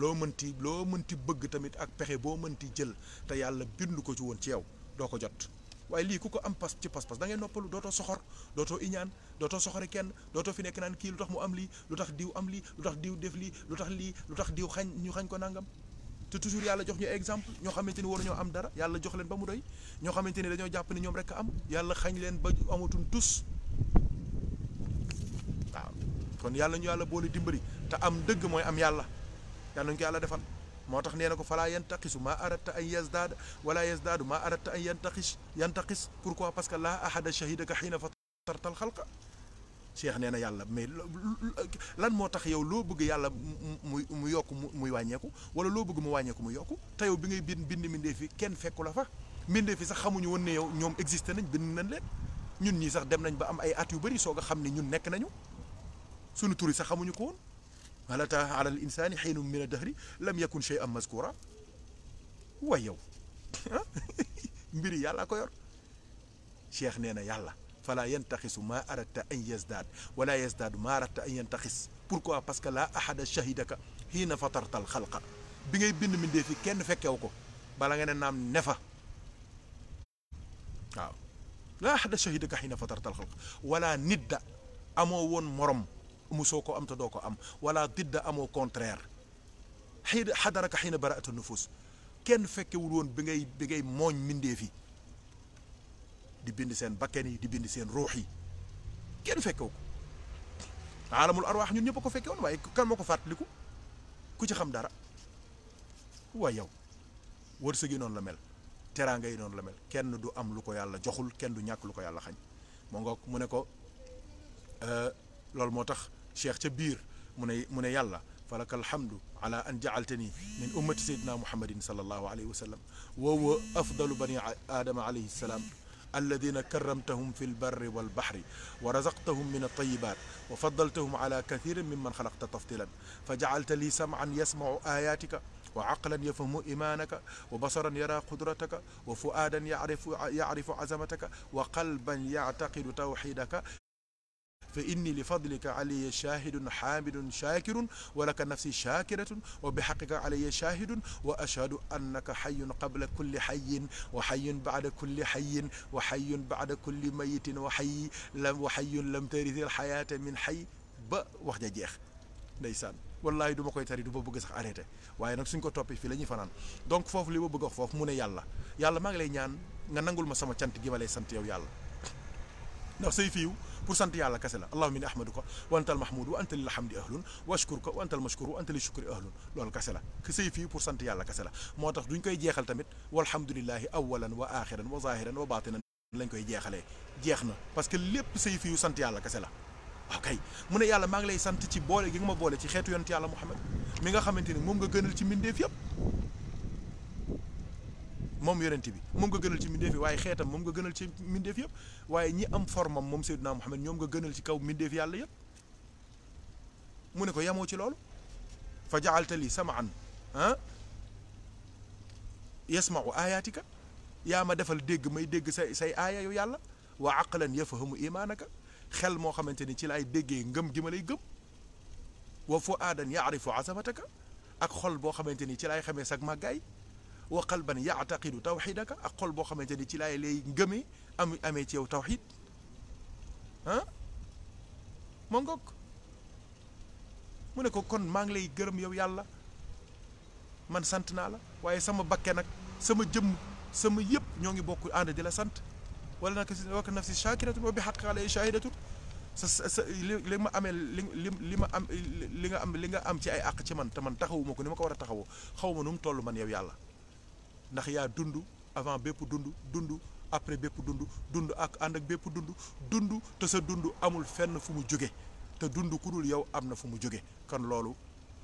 loo mënti loo mënti bëgg tamit ak pexe boo mënti jël te yàlla bindu ko ci woon ci yow doo ko jot waaye lii ku ko am pas ci pas-pas da ngay noppalu dootoo soxor dootoo iñaan dootoo soxori kenn dootoo fi nekk naan kii lu tax mu am lii lu tax diw am lii lu tax diw def lii lu tax lii lu tax diw xañ ñu xañ ko nangam te toujours yàlla jox ñu exemple ñoo xamante ni waruñoo am dara yàlla jox leen ba mu doy ñoo xamante ni dañoo jàpp ni ñoom rek am yàlla xañ leen ba amatuñ tus waaw kon yàlla ñu yàlla boole dimbali te am dëgg mooy am yàlla yàlla ñu ko yàlla defal moo tax nee na ko falaa yantaqisu maa aradta an yazdaada wala yazdaadu maa aradta an yantaqis yantaqis pourquoi parce que laa ahada shahidaka xiina fatartal xalqa cheikh nee na yàlla mais lan moo tax yow loo bëgg yàlla muy mu yokk muy wàññeeku wala loo bëgg mu wàññeeku mu yokku te yow bi ngay bind bind mbindee fi kenn fekku la fa mbindee fi sax xamuñu woon ne yow ñoom existé nañ bind nañ leen ñun ñii sax dem nañ ba am ay at yu bëri soog a xam ne ñun nekk nañu suñu tur yi sax xamuñu ko woon هل أتى على الإنسان حين من الدهر لم يكن شيئا مذكورا ويو مبري يالا كوير شيخ نينا يالا فلا ينتخس ما أردت أن يزداد ولا يزداد ما أردت أن ينتخس بوركوا باسكو لا أحد شهدك حين فطرت الخلق بيغي بين من دي في كين يوكو بالا غن نام نفا لا أحد شهدك حين فطرت الخلق ولا ند أمو مرم musoko am te doko am wala didda amoo contraire xii xadaraka xii bara'at an nufus ken fekke wul won bi ngay bi ngay moñ minde fi di bind sen bakken di bind sen ruhi ken fekke ko alamul arwah ñun ñëpp ko fekke won way kan moko fatliku ku ci xam dara wa yow wërsëg yi noonu la mel teranga yi non la mel kenn du am lu ko yàlla joxul kenn du ñak lu ko yàlla xañ mo ngok mu ne ko euh lol motax شيخ كبير من يلا فلك الحمد على أن جعلتني من أمة سيدنا محمد صلى الله عليه وسلم وهو أفضل بني آدم عليه السلام الذين كرمتهم في البر والبحر ورزقتهم من الطيبات وفضلتهم على كثير ممن خلقت تفضيلا فجعلت لي سمعا يسمع آياتك وعقلا يفهم إيمانك وبصرا يرى قدرتك وفؤادا يعرف يعرف عزمتك وقلبا يعتقد توحيدك فإني لفضلك علي شاهد حامد شاكر ولك نفسي شاكرة وبحقك علي شاهد وأشهد أنك حي قبل كل حي وحي بعد كل حي وحي بعد كل ميت وحي لم وحي لم ترث الحياة من حي ب وخجا جيخ ليسان والله دوما كوي تاري دوما بوغ سخ اريتي واي نك توبي في لا فنان دونك فوف لي بوغ فوف مو ني يالا يالا ماغ لاي نيان nga nangul ma sama cant gi ma ndax sey fiiw pour sante yàlla kasse la allahumma inni ahmaduka wa antal mahmud wa antal lil ahlun wa ashkuruka wa antal mashkur wa antal shukr ahlun lol kasse la ke sey fiiw pour sante yàlla kasse la motax duñ koy jexal tamit walhamdulillah awwalan wa akhiran wa zahiran wa batinan lañ koy jexale jexna parce que lépp say fiiw sante yàlla kasse la waaw mune yàlla maa ngi lay sante ci boole gi nga ma boole ci xétu yonent yàlla Muhammad mi nga xamanteni mom nga gënal ci mbindeef yëpp mom yonent bi mom nga gënal ci mindeef waye xeetam mom nga gënal ci mindeef yëpp waye ñi am formam mom Seydina Muhammad ñom nga gënal ci kaw mindeef yàlla yëpp mu ne ko yamo ci lool fa jaalta li sam'an ha yasmau ayatika ya ma defal deg may deg say say aya yu yàlla wa aqlan yafhamu imanaka xel mo xamanteni ci lay déggé ngëm gi ma lay gëm wa fu'adan ya'rifu azamataka ak xol bo xamanteni ni ci laay xamee sag màggaay وقلبا يعتقد توحيدك اقول بو خامتاني تي لاي لي غمي امي امي تي توحيد ها مونغوك مونيكو كون ماغ لي غرم يو يالا من سانتنا لا واي سما بكك نا سما جيم سما ييب نيغي بوكو اند دي لا سانت ولا نك وك نفسي شاكره وبحق عليه شاهدته لما أم لما أم لما أم لما أم تي أي أك تي من تمن تخو مكو نمكو ورا تخو خو منهم طول من يبي الله ndax yaa dund avant bépp dund dund après bépp dund dund ak ànd ak bépp dund dund te sa dund amul fenn fu mu jóge te dund ku dul yow am na fu mu jóge kon loolu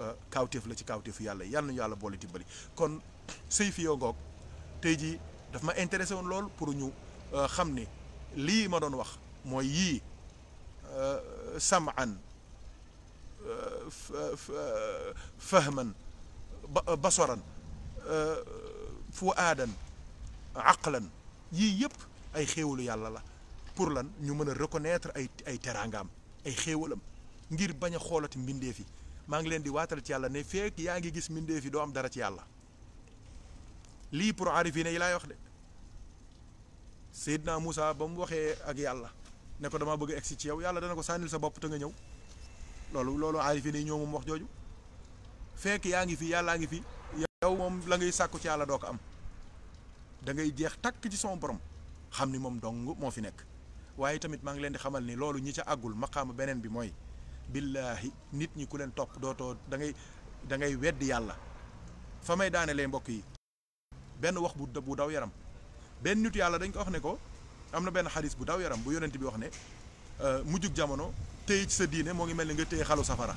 euh, kaawteef la ci kaawteefu yàlla yal nañu yàlla boole dimbali kon sëy fi ngoog tey jii daf ma intéressé woon lool pour ñu euh, xam ne lii ma doon wax mooy yii euh, samaan fahman basoran fuadan aqlan yi yep ay xewul yalla la pour lan ñu mëna reconnaître ay ay terangam ay xewulam ngir baña xolati xoolati fi ma ngi len di watal ci yalla ne fek yaa ngi gis mbindeef fi do am dara ci yalla li pour arifine ila wax de sayyidna musa bam waxe ak yalla ne ko dama bëgg exi ci yow yalla dana ko sanil sa bop ta nga ñew lolu lolu arifine wax joju fek fi yalla ngi fi yow mom la ngay sakku ci yalla doo ko am da ngay jeex tak ci son borom xamni mom dong mo fi nek waye tamit ma ngi len di xamal ni lolu ñi ci agul maqama benen bi moy billahi nit ñi ku len top doto da ngay da ngay wedd yalla fa daane daanelee mbok yi ben wax bu bu daw yaram ben nit yalla dañ ko wax ne ko amna na hadith bu daw yaram bu yonent bi wax ne euh, mujjug jamono tey ci sa diine mo ngi melni nga tey xalu safara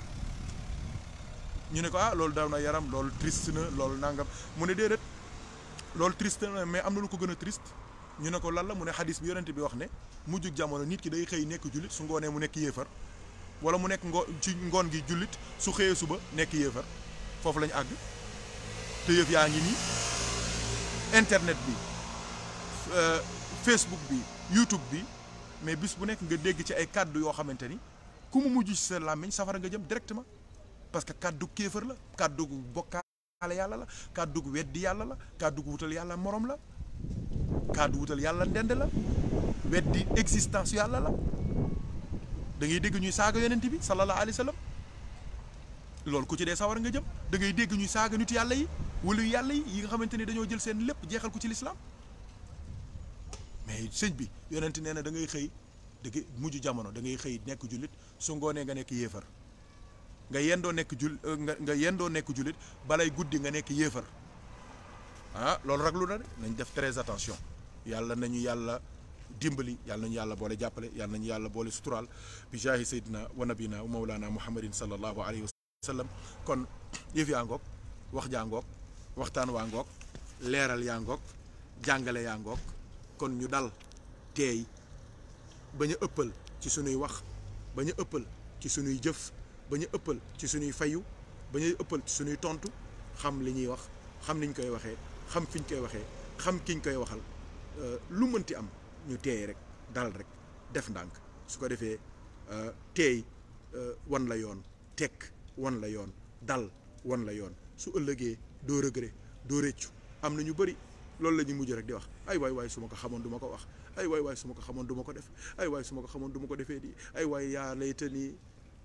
ñu ne ko ah loolu daw na yaram loolu triste na loolu nangam mu ne déedéet loolu triste na mais am na lu ko gën a triste ñu ne ko lan la mu ne xadis bi yonent bi wax ne mujjug jamono nit ki day xëy nekk jullit su ngoonee mu nekk yéefar wala mu nekk ngo ci ngoon gi jullit su xëyee suba nekk yéefar foofu lañu àgg te yëf yaa ngi nii internet bi euh, Facebook bi YouTube bi mais bis bu nekk nga dégg ci ay kàddu yoo xamante ni ku mu mujj ci sa làmmiñ safara nga jëm directement parce que kaddu kéefër la kaddu gu bokkaale la kaddu weddi yàlla la kaddu wutal yàlla morom la kaddu wutal yàlla ndend la weddi existence yàlla la da ngay dégg ñuy saaga yonent bi sallallahu alayhi wa sallam ku ci dee sawar nga jëm da ngay dégg ñuy saaga nit yi yi nga dañoo jël seen ko ci mais bi yonent da ngay da ngay jamono da ngay su nga nga yendoo nekk jul euh, nga nga yendoo nekk julit balay guddi nga nekk yéefar ah loolu raglu na de nañ def très attention yàlla nañu yàlla dimbali yàlla nañu yàlla boole jàppale yàlla nañu yàlla boole suturaal bi jaahi sayyidina wa nabina wa mawlana muhammadin sallallahu alayhi wa sallam kon yëf yaa ngoog wax jaa ngoog waxtaan waa ngoog leeral yaa ngoog jàngale yaa ngoog kon ñu dal teey ba a ëppal ci sunuy wax ba a ëppal ci sunuy jëf bañu ëppal ci suñuy fayu bañu ëppal ci suñuy tontu xam li ñuy wax xam niñ koy waxé xam fiñ koy waxé xam kiñ koy waxal euh, lu mënti am ñu téy rek dal rek def ndank su ko euh, téy euh wan la yoon tek wan la yoon dal wan la yoon su ëllëgé do regré do réccu am nañu bari bëri loolu la mujj rek di wax ay way way su ko xamoon duma ko wax ay way way su ko xamoon duma ko def ay way su ko xamoon duma ko di ay way ya lay tani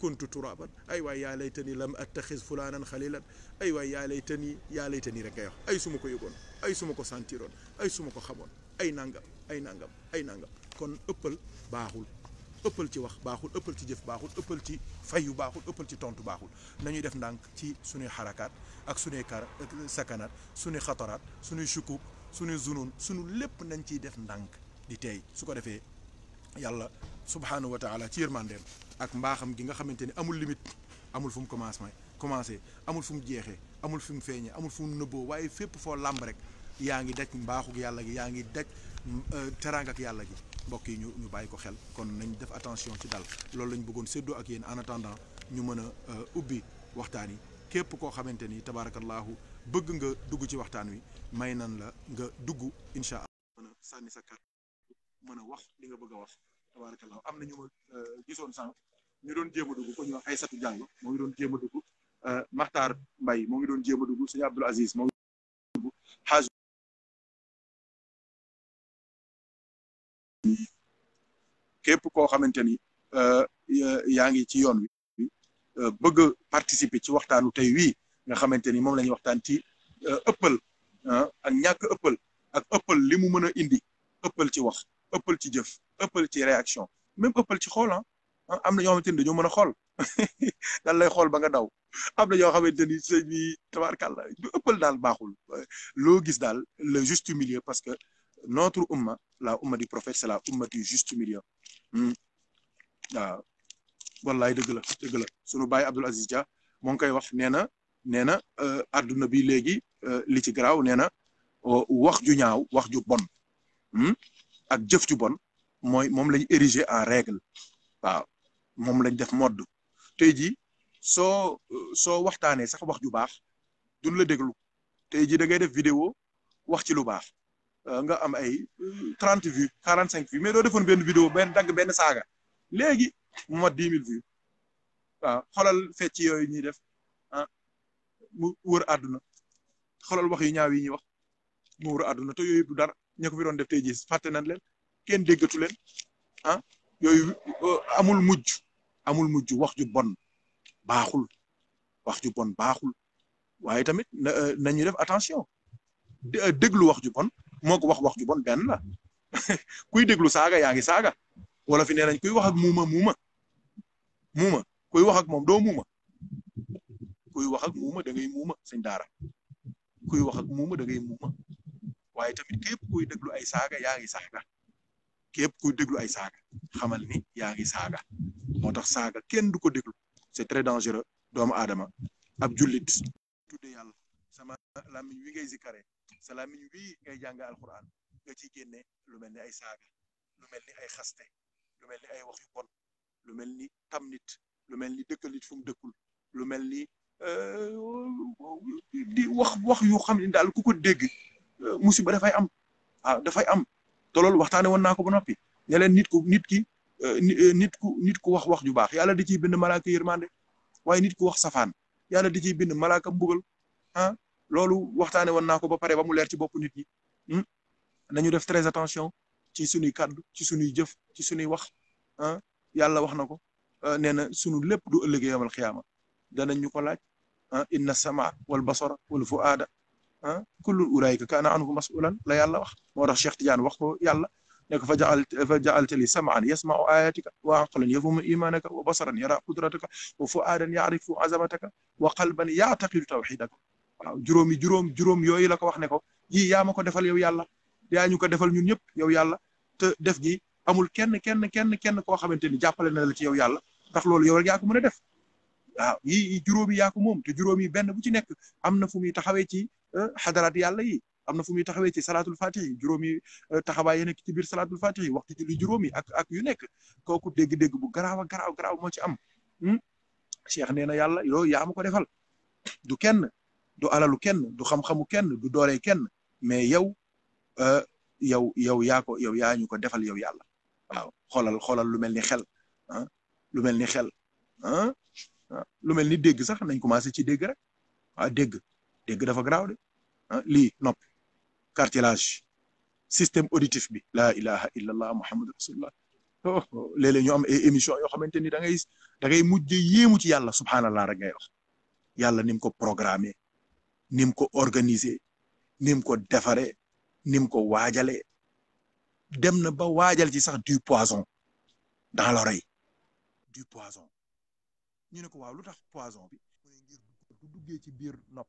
كنت ترابا ايوا يا ليتني لم اتخذ فلانا خليلا ايوا يا ليتني يا ليتني رك يا اي سمكو يغون اي سمكو سانتيرون اي سمكو خمون اي نانغام اي نانغام اي نانغام كون ابل باخول ëppal ci wax baaxul ëppal ci jëf baaxul ëppal ci fayu baaxul ëppal ci tontu baaxul nañuy def ndànk ci suñuy xarakaat ak suñuy kar sakanaat suñuy xataraat suñuy shukuk suñuy zunun suñu lépp nañ ciy def ndànk di tey su ko defee yàlla subhaanahu wa taala ci yërmandeem ak mbaaxam gi nga xamante ni amul limite amul fu mu commencement commencé amul fu mu jeexee amul fu mu feeñee amul fu mu nëbboo waaye fépp foo làmb rek yaa ngi daj mbaaxu yàlla gi yaa ngi daj euh, teraanga ak yàlla gi mbokk yi ñu ñu bàyyi ko xel kon nañ def attention ci dal loolu lañ bëggoon séddoo ak yéen en attendant ñu mën a euh, ubbi waxtaan yi képp koo xamante ni tabaarakallaahu bëgg nga dugg ci waxtaan wi may nan la nga dugg incha allah sànni sa mën a wax li nga bëgg a wax tabaarakallaa am na ñu ma euh, gisoon sànq ñu doon jéem a ko ñu wax satu Jàng moo ngi doon jéem a dugg euh, Mbay moo ngi doon jéem a dugg sëñ Abdul Aziz moo ngi doon koo xamante ni euh, yaa ngi ci yoon wi bëgg participer ci waxtaanu tey wii nga xamante ni moom la waxtaan ci ëppal ak ñàkk ëppal ak ëppal li mu mën a indi ëppal ci wax ëppal ci jëf ëppal ci réaction même ëppal ci xool ah, ah am na ñoo xamante ni dañoo mën a xool daal lay xool ba nga daw am na ñoo xamante ni sëñ bi tabarkàlla du ëppal daal baaxul loo gis daal le juste milieu parce que notre umma la umma du prophète c'est la umma du juste milieu hmm. waaw wallaay dëgg la dëgg la sunu baay Abdoul Aziz Dia moo ngi koy wax nee na nee na adduna euh, bi léegi euh, li ci garaaw nee na euh, wax ju ñaaw wax ju bon hmm. ak jëf ju bon moy mom lañ ériger en règle waaw mom lañ def modd tay ji so so waxtane sax wax ju bax duñ la déglu tay ji da ngay def vidéo wax ci lu bax euh, nga am ay 30 euh, vues 45 vues mais do defone ben vidéo ben dag ben saga légui mu mot dix vues waaw xoolal fecc yoy ñi def han ah, mu wër aduna xolal wax yu ñaaw yi ñi wax mu wër aduna te yoy du dara ña ko doon def tey jii fàtte nañ leen kenn déggatu leen ah yooyu amul mujj amul mujj wax ju bon baaxul wax ju bon baaxul waaye tamit nañu def attention déglu wax ju bon moo ko wax wax ju bon benn la kuy déglu saaga yaa ngi saaga wala fi nee nañ kuy wax ak muuma muuma muuma kuy wax ak moom doo kuy wax ak muuma da ngay muuma sëñ daara kuy wax ak muuma da ngay waaye tamit képp kuy déglu ay saaga yaa ngi saaga képp kuy déglu ay saaga xamal ni yaa ngi saaga moo tax saaga kenn du ko déglu c'est très dangereux doomu aadama ab jullit tuddee yàlla sama làmmiñ wi ngay zikare sa làmmiñ wi ngay jàng alquran nga ciy génne lu mel ni ay saaga lu mel ni ay xaste lu mel ni ay wax yu bon lu mel ni tam lu mel ni dëkkal nit fu lu mel ni euh, di wax wax yu xam ne daal ku ko dégg musiba dafay am ah dafay am te loolu waxtaane woon naa ko ba noppi ne leen nit ku nit ki eh, eh, nit ku nit ku wax wax ju baax yàlla da ciy bind malaaka yërmande waaye nit ku wax safaan yàlla da ciy bind malaaka mbugal ah loolu waxtaane woon naa ko ba pare ba mu leer ci bopp nit ki ñi hmm? nañu def très attention ci sunuy kàddu ci sunuy jëf ci sunuy wax ah yàlla wax na ko eh, nee na sunu lépp du ëllëgee yamal xiyaama ñu ko laaj ah inna sama wal basara wal fuaada ah kullu ulaayika kaana anhu masulan la yàlla wax moo tax Cheikh Tidiane wax ko yàlla ne ko fa jaal fa jaalta li samaan yasmau ayatika wa aqlan yafhamu imanaka wa basaran yara qudrataka wa fuadan yarifu azamataka wa qalban yaataqidu tawxidaka waaw juróomi juróom juróom yooyu la ko wax ne ko yii yaa ma ko defal yow yàlla yaa ñu ko defal ñun ñëpp yow yàlla te def gi amul kenn kenn kenn kenn koo xamante ni jàppale na la ci yow yàlla ndax loolu yow rek yaa ko mën a def waaw yii juróomi yaa ko moom te juróomi benn bu ci nekk am na fu muy taxawee ci Eh, xadaraat yàlla yi am na fu muy taxawee ci salaatul fatihi juróomi eh, taxawaay yi nekk ci biir salaatul fatihi waxtu julli juróomi ak ak yu nekk kooku dégg-dégg bu garaaw ak garaaw garaaw moo ci am. Hmm? cheikh nee na yàlla loolu yaa ma ko defal du kenn du alalu kenn du xam-xamu kenn du doole kenn mais yow eh, yow yow yaa ko yow yaa ñu ko defal yow yàlla waaw xoolal xoolal lu mel ni xel ah lu mel ni xel ah lu mel ni dégg sax nañ commencé ci dégg rek ah dégg dégg dafa graw de ah lii nopp cartilage système auditif bi la ilaha illallah muhammadu rasulullah oh, oh, oh léeg-léeg ñu am ay émission yoo xamante ni da ngay da ngay mujj yéemu ci yàlla subhanallah rek ngay wax yàlla nim ko programmer nim ko organiser nim ko defaree nim ko waajalee dem na ba waajal ci sax du poison dans l'oreille du poison ñu ne ko waaw lu tax poison bi mu ne ngir duggee ci biir nopp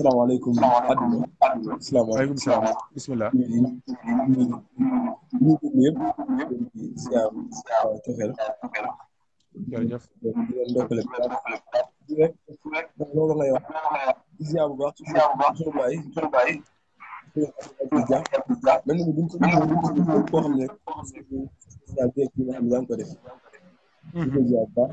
salaamaaleykum adduna salaamaaleykum salaam bisimilah ñu ñu ñu ñu déglu yëpp di siyaam cofeel jërëjëf di leen ndokkale bu baax di rek ndax loolu ngay wax di siyaam bu baax suñu baay suñu baay mel na ni duñ ko koo xam ne yaa ngi ko def mhm. di ko siyaam bu baax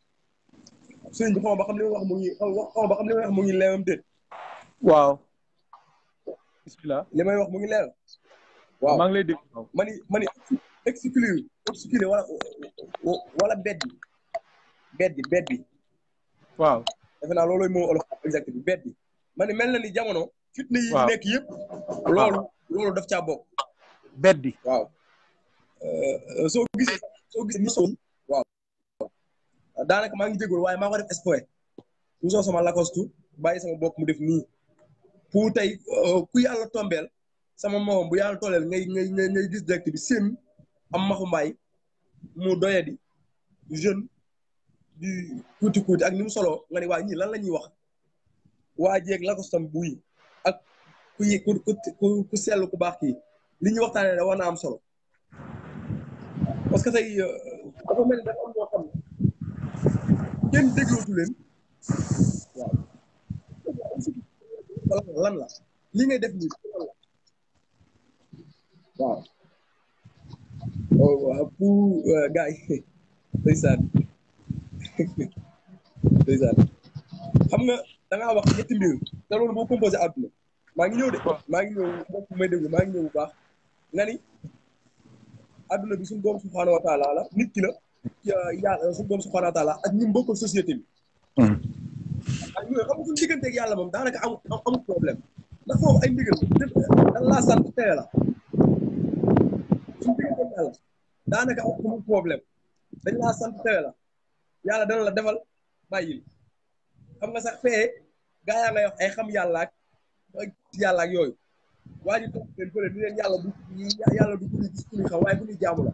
sëriñ bi xaw ba xam li ma wax mu ngi xaw ba xam li may wax mu ngi leew. wala wala beddi beddi beddi. waaw. defe naa moo olof exact bi beddi. ma ni mel na ni jamono. fitna yi nekk yëpp. loolu daf caa bokk. beddi waaw. Euh, euh, soo gisee soo gisee daanaka maa ngi jégalu waaye maa ko def espoir mu soo sama lakostu bàyyi sama bokk mu def nii pour tey euh, ku yàlla tombel sama moom bu yàlla tooleel ngay ngay ngay ngay gis direct bi seen am maxu mbaay mu doye di jeune di kuuti kuuti ak ni mu soloo nga ne lan la ñuy wax waa jeeg lakostam buy ak ku yi ku ku ku baax kii li ñuy waxtaanee da war na am solo parce que tey euh, dafa kenn déglootu leen waaw lan la li ngay def nii waaw oh, waaw pour euh, gars yi ndeysaan ndeysaan xam nga da ngaa wax ñetti mbir te loolu boo composé àdduna maa ngi ñëw de maa ngi ñëw maa ngi ñëw bu baax nga bi suñu borom subhaanahu yàlla su borom subhanahu taala ak ñi mbokkal société bi hmm. ak ñooñu xam nga yàlla moom daanaka am am problème ndax foofu dañ la defal xam nga sax fee gaa yaa ngay ay xam yàlla ak yàlla yooyu waa ji toog yàlla du yàlla du ku ñuy gis xam waaye ku jaamu la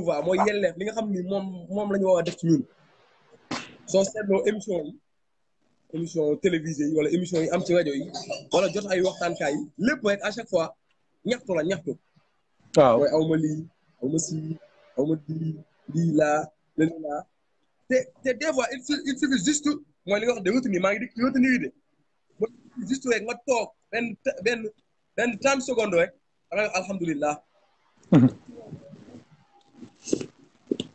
moi moi yelleef li nga xam ni moi moi je suis a def ci ñun soo émission émission télévisée wala émission yi am ci rajo yi wala jot ay waxtaankaay à chaque fois la waaw ma si ma des fois il suffit juste moi li de retenir ngi di retenir juste rek ben ben ben 30 secondes je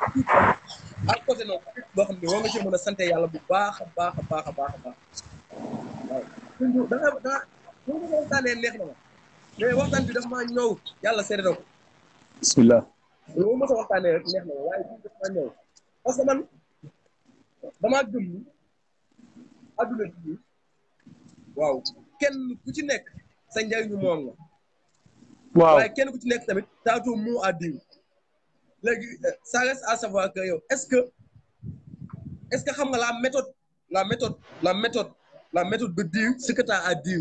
à côté nag boo xam ne war nga ci mën a sant yàlla bu baax a baax a baax a baax a baax waaw Youssou da nga da nga waxtaanee neex na ma mais waxtaan bi dafa maa ñëw yàlla seede na ko. bisimilah. loolu mos a waxtaanee neex na ma waaye dafa maa ñëw parce que man damaa gëm ni adduna bi waaw kenn ku ci nekk sa njariñu moom la. waaw kenn ku ci nekk tamit taatoo mu àddiw. léegi ça reste à savoir que est-ce que est-ce que xam nga la métode la méthode la méthode la méthode de dire ce que tu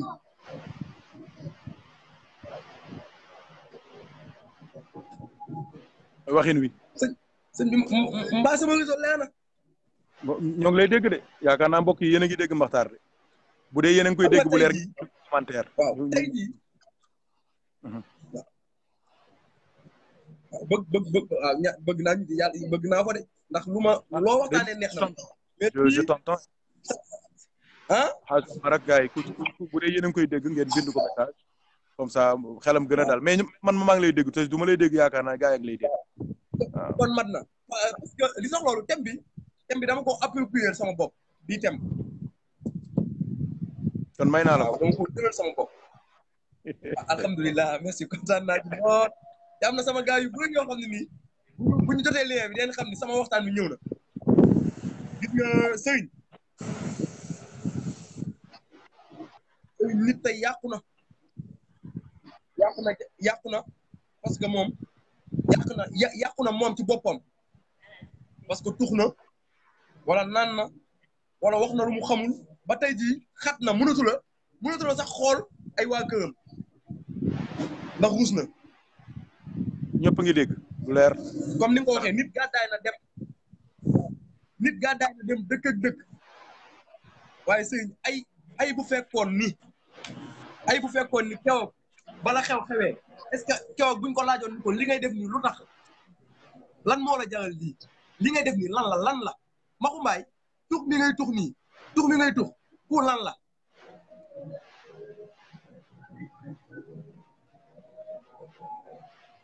waxin wi sëñ sëñ bi mbaa sama réseau leer na ñoo ngi lay dégg de yaakaar naa mbokk yi yéen a ngi dégg mbaxtaar de bu dee yéen a ngi koy dégg bu leer commentaire waaw tey jii mhm. bëgg bëgg bëgg waaw ah, ña bëgg naa yàlla bëgg naa ko de ndax lu ma loo waxtaanee neex na. je je tonton. ah. xaalis ma rek gars yi ku ku bu dee yéen a ngi koy dégg ngeen bind ko message comme ça xelam gën a daal mais man maa ngi lay dégg te du ma lay dégg yaakaar naa gars yi ak lay dégg. Ah. kon mat na ah, parce que li sax loolu thème bi thème bi dama ko approprier sama bopp di thème. kon may naa la ko. waaw sama bopp. alhamdulilah merci kontaan naa ci lool. te na sama gars yu bëri yoo xam ne nii bu ñu jotee lien bi dinañ xam ne sama waxtaan bi ñëw na gis nga sëriñ sëriñ tey yàqu na yàqu na yàqu na parce que moom yàqu na yàqu na moom ci boppam parce que tux na wala naan na wala wax na lu mu xamul ba tey jii xat na mënatu la mënatu la sax xool ay waa këram ndax ruus na ñëpp ngi dégg lu leer. comme ni nga ko waxee nit gàddaay na dem nit gàddaay na dem dëkk ak dëkk waaye ay ay bu fekkoon ni ay bu fekkoon ni keroog bala xew xewee est-ce que keroog buñ ko laajoon ni li ngay def nii lu tax lan moo la jaral lii li ngay def lan la lan la Maxu Mbaay tux mi ngay tux nii tux mi ngay tux ku lan la.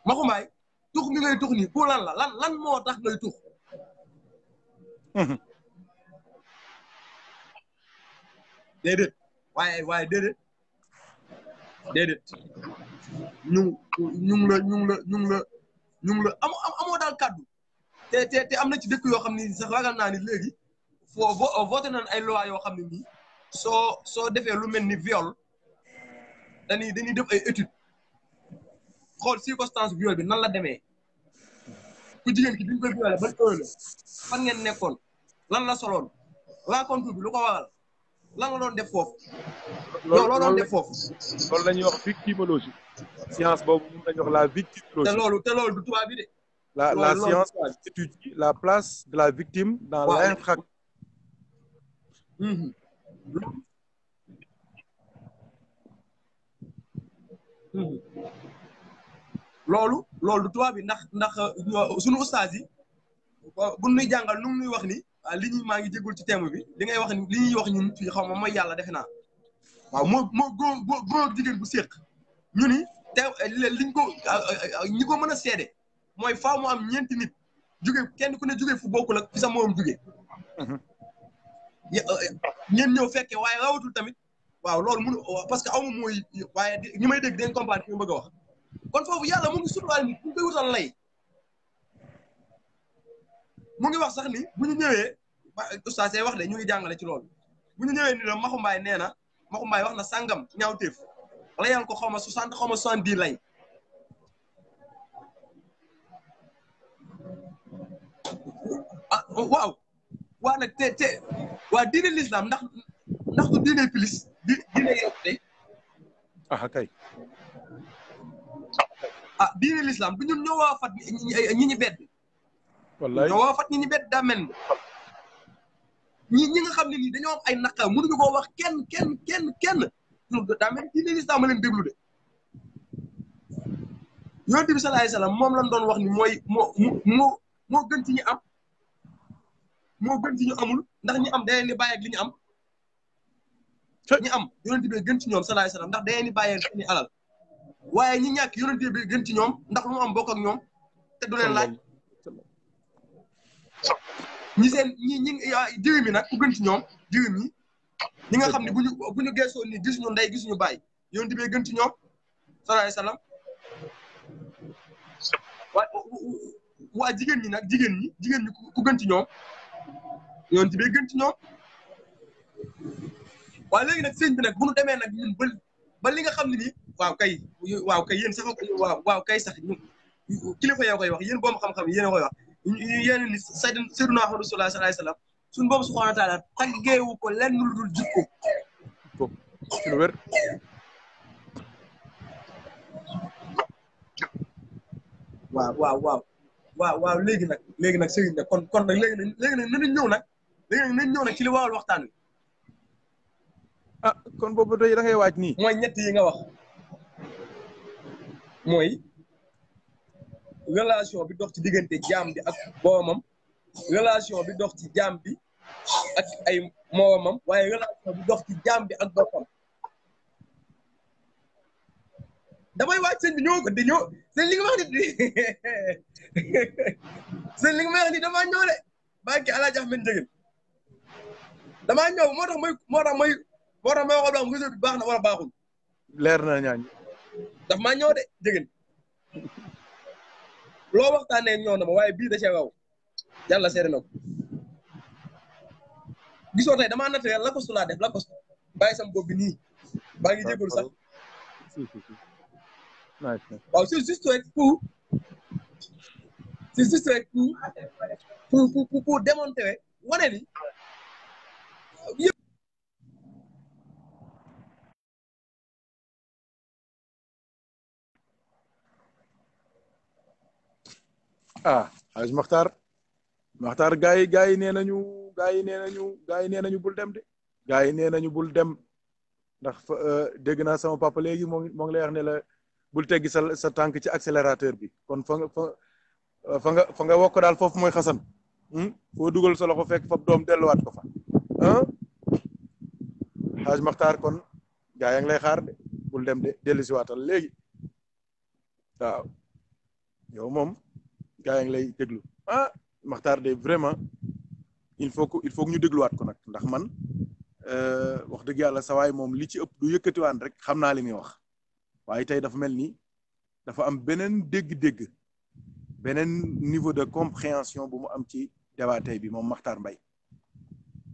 Maxumbaay tux mi may tux nii pour lan la lan lan moo tax ngay tux. déedéet waaye waaye déedéet déedéet ñu ñu ngi amoo amoo daal kàddu te te am na ci dëkk yoo xam ni sax ragal naa ni léegi foo voté ay loi yoo xam ne nii soo soo defee lu mel ni viol dañuy dañuy def ay étude xool circonstance viol bi nan la demee ku jigéen ki bi ñu koy violé ban heure la fan ngeen nekkoon lan la soloon rencontre bi lu ko waral lan la doon def foofu. loolu loolu doon def foofu. loolu la ñuy wax victimologie. science boobu moom la ñuy wax la victimologie. te loolu te loolu du tubaab bi de. la la science étudie la place de la victime. dans infra Mm-hmm. Mm-hmm. loolu loolu du tubaab bi ndax ndax euh, suñu ustaas yi bu nuy jàngal nu nuy wax ni ah, li ñuy maa ngi jégul ci thème bi li ngay wax ni li ñuy wax ñun fii xaw ma mooy yàlla defe naa waaw moo moo góor góor jigéen bu séq ñu ni te liñ ko ah, ah, ñi ko mën a seede mooy faaw am ñeenti nit jóge kenn ku ne jóge fu bokkul ak fi sa morom jóge ñeen ñëw fekkee waaye rawatul tamit waaw loolu mun parce que aw ma mooy waaye ñi may dégg dañ comprendre fi bëgg wax kon foofu yàlla mu ngi suturaal nit mu ngi koy lay mu ngi wax sax ni bu ñu ñëwee ustaas wax de ñu ngi jàngale ci loolu bu ñu ñëwee ni la Maxu Mbaay nee na Maxu wax na sàngam ñaawteef layal ko xaw ma soixante xaw ma soixante-dix lay ah waaw waa nag te te waa diine l'islam ndax ndax du pilis di diine yokkute ah ah diine l'islam du ñun ñoo waa fat ñi ñi bedd wallahi ñoo waa fat ñi ñi bedd daa mel ñi ñi nga xam ne nii dañoo am ay naqa mënuñu koo wax kenn kenn kenn kenn daa mel diine l'islam leen déglu de yonte bi lañ doon wax ni gën ci am moo gën ci ñu amul ndax ñi am day ni bàyyi ak li ñu am ñi am yonente bi gën ci ñoom salaay salaam ndax day ni ak alal waaye ñi ñàkk yonente bi gën ci ñoom ndax lu mu bokk ak ñoom te du leen laaj ñi seen ñi ñi jiwim mi nag ku gën ci ñoom jiwim ñi ñi nga xam ne bu ñu bu ñu geesoo ni gisuñu ndey gisuñu bàyyi yonente bi gën ci ñoom sallallahu alayhi wasallam waa waa jigéen ñi nag jigéen ñi jigéen ñi ku gën ci ñoom yonente bi gën ci ñoom waaye léegi nag sëñ bi nag bu demee nag ba li nga xam ne ni waaw kay waaw kay yéen sax waaw waaw kay sax ñu kilifa yoo koy wax yéen boom xam-xam yéen a koy wax yéen ni sayyiduna Muhammad sallallahu alayhi wa sallam suñu boom subhanahu wa taala taggeewu ko lenn waaw waaw waaw waaw léegi nag léegi nag sëriñ nag kon kon nag léegi nag léegi nag nañu ñëw nag léegi waxtaan kon boobu tey da ngay waaj nii. mooy ñett yi nga wax mooy relation bi dox ci diggante jaam bi ak boromam relation bi dox ci jaam bi ak ay moromam waaye relation bi dox ci jaam ak boppam. damay waaj sëñ bi ñoo ko di ñoo sëñ li ma wax ni sëñ li de baa ngi àlaa jax men jëgën damaa ñëw moo tax may moo tax may moo tax may waxoon ba am réseau bi baax na wala baaxul. leer na ñaañ. daf maa ñëw de jigéen loo waxtaanee ñëw na ma waaye bii da cee waw yàlla seede na ko gisoo tey damaa naturel la kostu laa def la kostu bàyyi sam bopp bi nii baa ngi jégalu sax. waaw c'est juste rek pour c'est juste rek pour pour pour pour démontrer wane ni. ah xaalis maxtaar maxtaar gay gay gars yi nee nañu gars yi nañu gars yi nañu bul dem de gay yi nañu bul dem ndax euh, dégg na sama papa legi mo ngi lay wax ne la bul teggi sa sa tank ci accélérateur bi kon fa nga fa euh, fa nga fa nga wokk daal foofu mooy xasan hmm? foo dugal sa loxo fek fa dom delu wat ko fa ah haj maxtaar kon gay yaa ngi lay xaar de bul dem de delu ci watal legi waaw yow mom gaa yi ngi lay déglu ah Makhtar de vraiment il faut que il faut ñu dégluwaat ko nag ndax man euh, wax dëgg yàlla sawaay moom li ci ëpp du yëkkatiwaan rek xam naa le muy wax waaye tey dafa mel ni dafa am beneen dégg-dégg beneen niveau de compréhension bu mu am ci débat tey bi moom maxtar mbay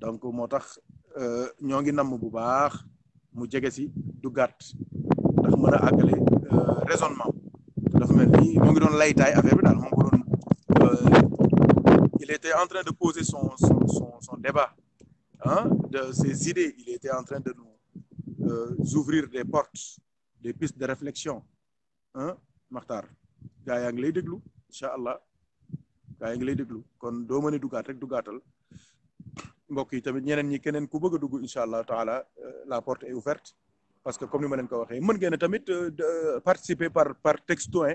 donc moo tax euh, ñoo ngi namm bu baax mu jege si du gàtt ndax mën a àggale euh, raisonnement dafa mel ni ñoo ngi doon laytaay bi daal moom ko Euh, il était en train de poser son, son, son, son débat, hein, de ses idées. Il était en train de nous euh, ouvrir des portes, des pistes de réflexion. Hein, Maxtar gaa yaa ngi lay déglu incha allah gaa lay déglu kon doo mën a dugaat rek dugaatal mbokk yi tamit ñeneen ñi keneen ku bëgg a taala euh, la porte est ouverte parce que comme nous m'en leen ko waxee mën ngeen a tamit euh, participer par par texto hein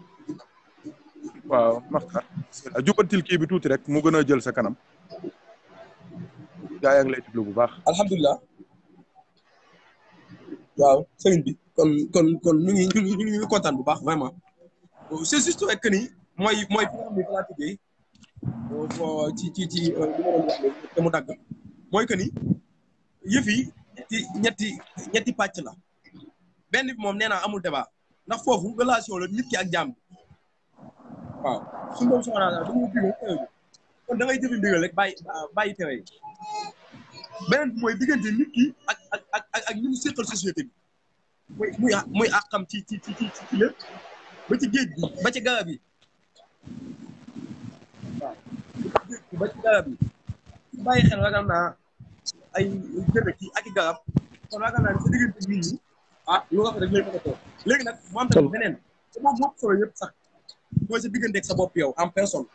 waaw Maxtar jubbantil kii bi tuuti rek mu gën a jël sa kanam. gaa yaa ngi lay déglu bu baax. alhamdulilah. waaw sëriñ bi kon kon kon ñu ngi ñu ngi ñu ngi kontaan bu baax vraiment. c'est juste rek que ni mooy mooy bi nga xam ne ci ci ci euh, que ni yëf ñetti ñetti pàcc la benn bi moom nee naa amul débat ndax foofu relation la nit ki ak jaam waaw suñu doom subhaanahu wa taala dañoo digal teew bi kon da ngay jëfe ndigal rek bàyyi bàyyi teew yi beneen bi mooy diggante nit ki ak ak ak ci ci ci lépp ba ci géej ba ci garab yi waaw géej bi ba ci garab yi bàyyi xel ragal naa ay jënd ki ak garab kon ragal naa a ah, toog léegi nag mu am tamit beneen moom solo yëpp sax mooy sa diggante ak sa bopp yow en personne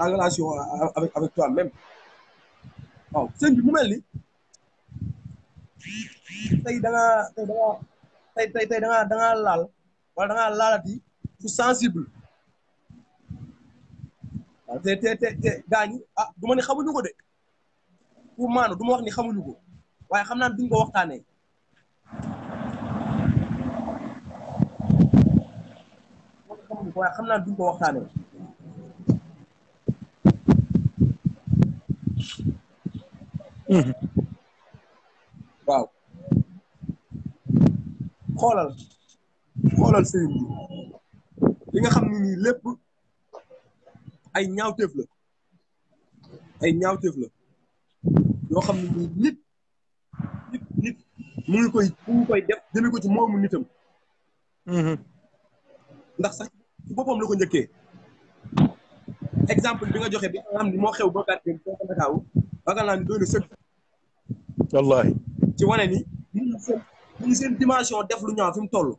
en relation avec avec toi même waaw sëñ bi mu mel ni tey da nga tey da nga tey tey tey da nga da wala da nga fu sensible waaw te te te te gaañu ah du ma ne xamuñu ko de pour maanu duma ma wax ni xamuñu ko waaye xam naa duñ ko waxtaanee. waxuñu waaye xam naa duñ ko waaw xoolal xoolal sëriñ bi nga xam ne nii lépp ay ñaawteef la ay ñaawteef la yoo xam ne nii nit nit nit mu ngi koy mu ngi koy def jëme ko ci moomu nitam mm-hmm. ndax boppam la ko njëkkee exemple bi nga joxe bi nga xam ne moo xew ba gàddee bi foofu Ndakaaru ragal naa ni doy na ci wane ni seen ñu dimension def lu ñaaw toll.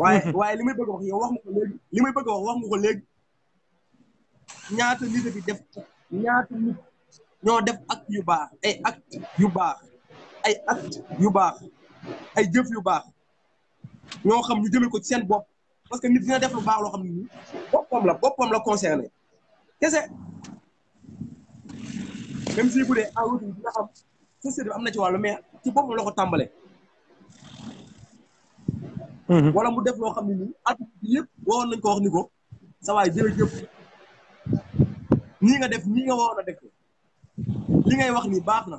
waaye waaye li may bëgg a wax yow wax nga ko may bëgg a wax wax nga ko léegi ñaata nit di def ñaata def acte yu baax ay acte baax ay yu baax ay jëf yu baax. ñoo xam ñu jëmee ko ci seen bopp parce que nit dina def lu baax loo xam ne nii boppam la boppam la concerné kese même si bu dee en am na ci wàllu mais ci boppam la ko tàmbale mhm. wala mu def loo xam ne nii at bi yëpp waroon nañ ko wax ni ko sa waay jërëjëf nii nga def nii nga waroon a def li ngay wax ni baax na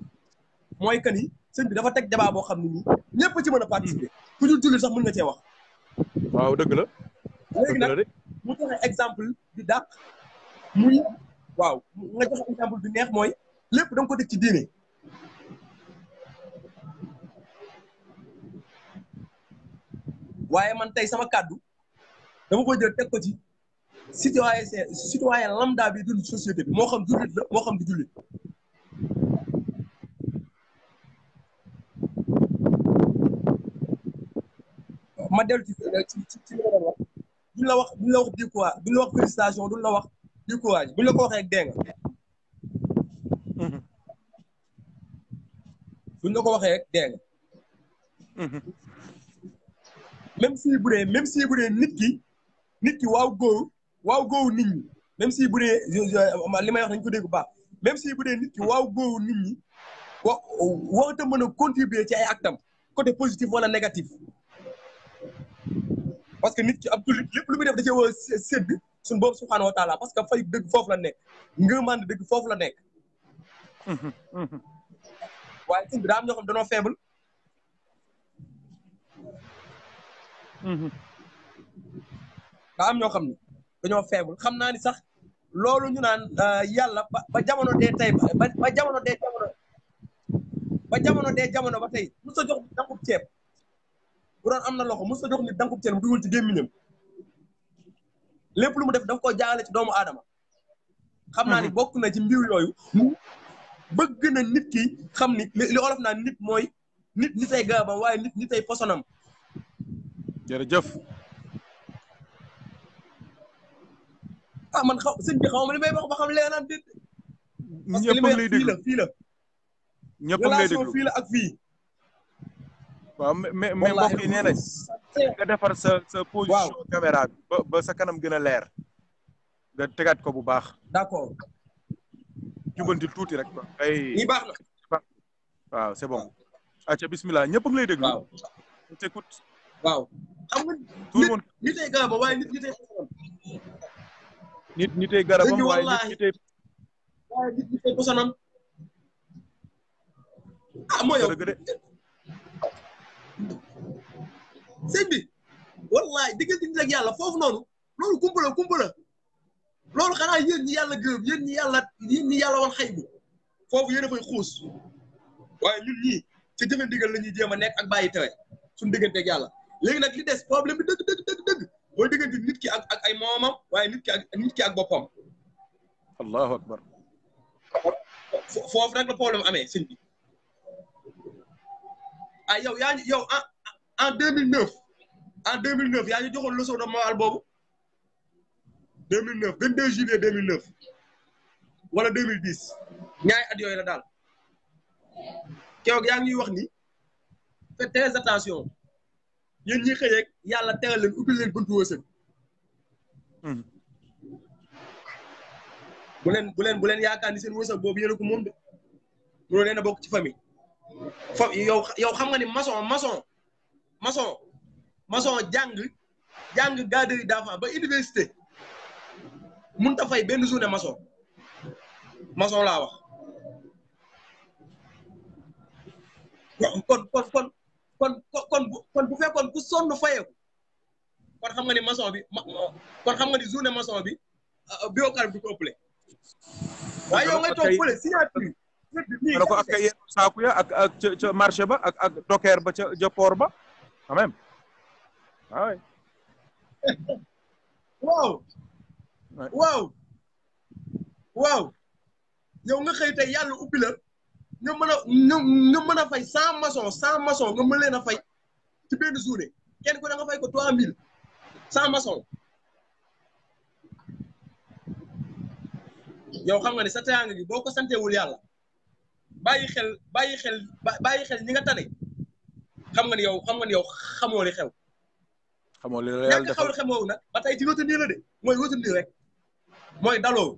mooy que ni sëñ bi dafa teg débat boo xam ne nii ñëpp ci mën a participer ku jullit sax mu nga cee wax. waaw dëgg la. léegi nag mu joxe exemple bi dàq muy nga joxe exemple bi neex mooy lépp da ko teg ci diine. waaye man tey sama kàddu dama ko jël teg ko ci citoyen citoyen lambda bi dund société bi moo xam jullit la moo xam du jullit. ma dellu ci wax duñ la wax duñ di quoi duñ wax félicitation duñ la wax di courage buñ la ko waxee rek dégg nga mm-hmm. buñ la ko waxee rek dégg nga mm-hmm. même si bu dee même si bu dee nit ki nit ki waaw góor waaw góor nit ñi même si bu dee li may wax dañ ko dégg bu baax si bu dee nit ki waaw góor nit ñi wa warut a mën a contribuer ci ay actam côté positif wala négatif parce que nit ki ab jullit lépp lu mu def da cee war a sédd suñu boobu subhaanahu wa parce que fay dëgg foofu la nekk ngërmande dëgg foofu la nekk. waaye sëñ bi daa ñoo xam dañoo faible. ñoo xam ne dañoo faible xam naa ni sax loolu ñu naan euh, yàlla ba ba jamono dee tey ba ba jamono dee jamono ba jamono dee jamono ba tey mu sa jox ceeb. bu doon am na loxo mos a jox nit dankub cër mu dugal ci gémmiñam lépp mu def daf ko jaale ci doomu aadama xam naa ni mhm. bokk na ci mbiw yooyu bëgg na nit ki xam ni li olof naa nit mooy nit nitay gaabam waaye nit nitay posonam jërëjëf ah man xaw sëñ bi xaw ma li may wax ba xam leenaan déet parce que li may fii la fii la ak fii mais mbokk yi nee nañ nga defar sa sa position caméra bi ba ba sa kanam gën a leer nga tegaat ko bu baax jubanti tuuti rek ba ay baax na waaw bon bismillah ñëpp ngi lay déglu waaw t'écoute waaw xam nga nit nitay garabam waaye nit nitay nit nitay garabam waaye nit nitay waaye nit nitay ah mooy yow sëñ bi wallaay diggante nit ak yàlla foofu noonu loolu kumpa la loolu xanaa yéen ñi yàlla gërëm yéen ñi yàlla yéen ñi yàlla wan foofu yéen a fay xuus waaye ci jëfe ndigal la ñuy jéem a nekk ak bàyyi tere suñu diggante ak yàlla léegi nag li des problème bi dëgg dëgg nit ki ak ak ay moomam waaye nit ki ak nit ki ak boppam allahu akbar foofu nag la problème amee ah yow yaa yow ah, ah, en en 2009 en 2009 yaa ñu joxoon leçon de morale boobu 2009 22 juillet 2009 wala 2010 ñaari at yooyu la daal keroog yaa ngi ñuy wax ni faites très attention yéen ñi xëyeeg yàlla teral leen ubbil leen buntu wërsëg. Hmm. bu leen bu leen bu leen yaakaar ni seen wërsëg boobu yéen a ko moom de mënoo leen a bokk ci famille. fa yow yow xam nga ni maçon maçon maçon maçon jàng jàng garderie d'enfants ba université mun ta fay benn journée maçon maçon laa wax kon kon kon kon kon kon bu fekkoon ku sonn kon xam nga ni maçon bi kon xam nga ni journée maçon bi euh, euh, biokar bi ko ëppale waaye yow ngay ko ak a yeenu saaku ya ak ak ca marché ba ak ak dokeer ba ca ja port ba quand même ah waaw waaw waaw waaw yow nga xëy tey yàlla ubbi la nga mën a nga mën a fay cent maçon cent maçon nga mën leen a fay ci benn journée kenn nga fay ko trois mille cent maçon yow xam nga ne sa teraanga gi boo ko santewul yàlla bàyyi xel bàyyi xel bàyyi xel ñi nga tane xam nga ni yow xam nga ni yow xamoo li xew. xamoo li réel dafa xaw xamoo na ba tey ci retenu la de mooy retenu rek mooy daloo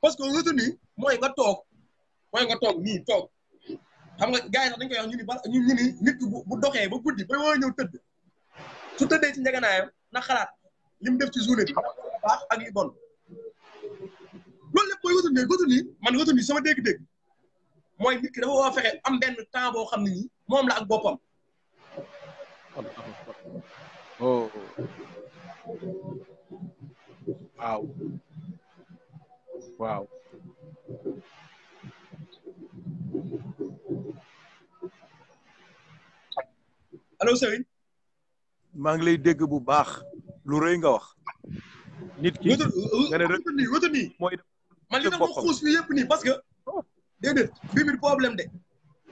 parce que retenu mooy nga toog mooy nga toog nii toog xam nga gars yi sax dañ koy wax ñu ni ba ñu ni nit bu bu doxee ba guddi ba woo ñëw tëdd su tëddee ci njëganaayam na xalaat li mu def ci journée bi baax ak li bon loolu lépp mooy retenu retenu man retenu sama dégg-dégg. mooy nit ki dafa am benn temps boo xam ne moom la ak boppam. oh waaw waaw. allo Serigne. maa ngi lay dégg bu baax lu rëy nga wax. nit ki wëtu wëtu nii. man li tax ma xuus nii yëpp nii déedéet bii bi problème de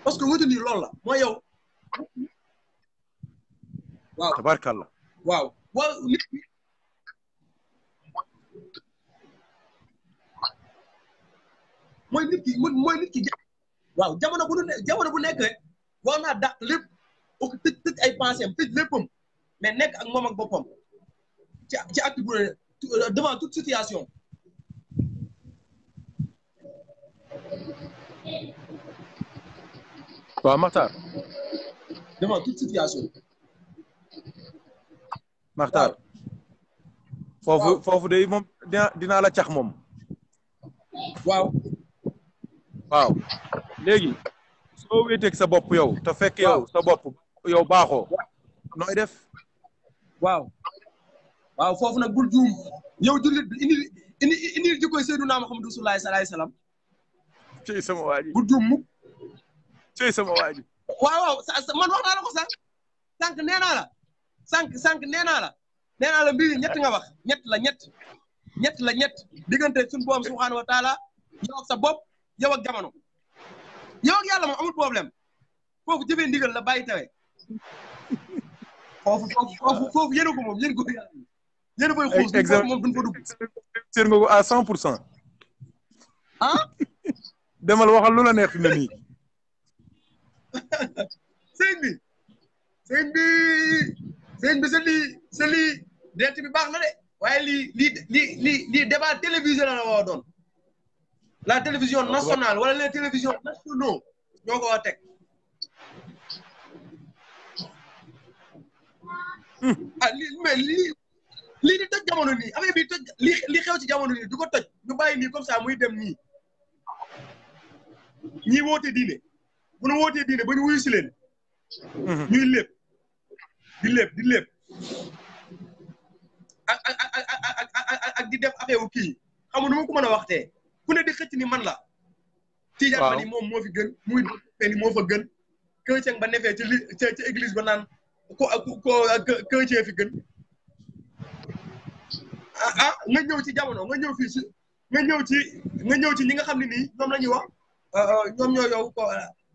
parce que wutali loolu la mooy yow. waaw tabarkàlla waaw waaw nit nit ki mooy nit ki waaw jamono bu ne jamono bu nekk rek war naa dàq lépp tëj tëj ay pensées am tëj léppam nekk ak moom ak ci ak acte euh, devant toute situation. waaw Maxtaar. devant toute situation. Ah. foofu foofu de moom dina dinaa la cax moom. waaw. waaw soo wéeteeg sa bopp yow. te fekk yow sa bopp yow baaxoo. nooy def. waaw. waaw foofu nag bul juum yow jullit bi indi indi indi jikkoy Seydunaa Muhammadu sallallaahu alayhi wa sallam. ci sama tey sama waa ji. man wax naa ko sànq sànq nee naa la sànq sànq nee naa la nee la mbir yi ñett nga la ñett ñett la ñett diggante suñu boom subhaanahu wa taala yow ak sa bopp yow jamono yàlla moom amul problème foofu jëfee ndigal la bàyyi tawee foofu foofu foofu yéen a ko moom yéen ko yéen a koy xuus. exactement moom duñ ko dugg. cent. ah. demal waxal lu la neex fi mu sëñ bi sëñ bi sëñ bi sa lii sa lii direct bi baax na de waaye lii lii lii lii lii débat télévisé la la woo doon la télévision nationale wala les télévisions nationaux ñoo ko teg hmm. ah lii mais lii lii di toj jamono nii affaire bi toj li li xew ci jamono nii du ko toj ñu bàyyi nii comme ça muy dem nii ñi woote diine bu nu wootee diine ba ñu wuyu si leen. Mhm. ñuy lépp di lépp di lépp ak ak ak ak di def affaire kii xam nga nu ma ko mën a waxtee ku ne di xëcc ni man la. waaw tijaan moom moo fi gën muy ni moo fa gën. chrétien ba nefee ci li ci église ba naan ko ko chrétien fi gën. ah ah nga ñëw ci jamono nga ñëw fii si nga ñëw ci nga ñëw ci ñi nga xam ne nii ñoom la ñuy wax ah, ah, ñoom ñoo yow ko ah,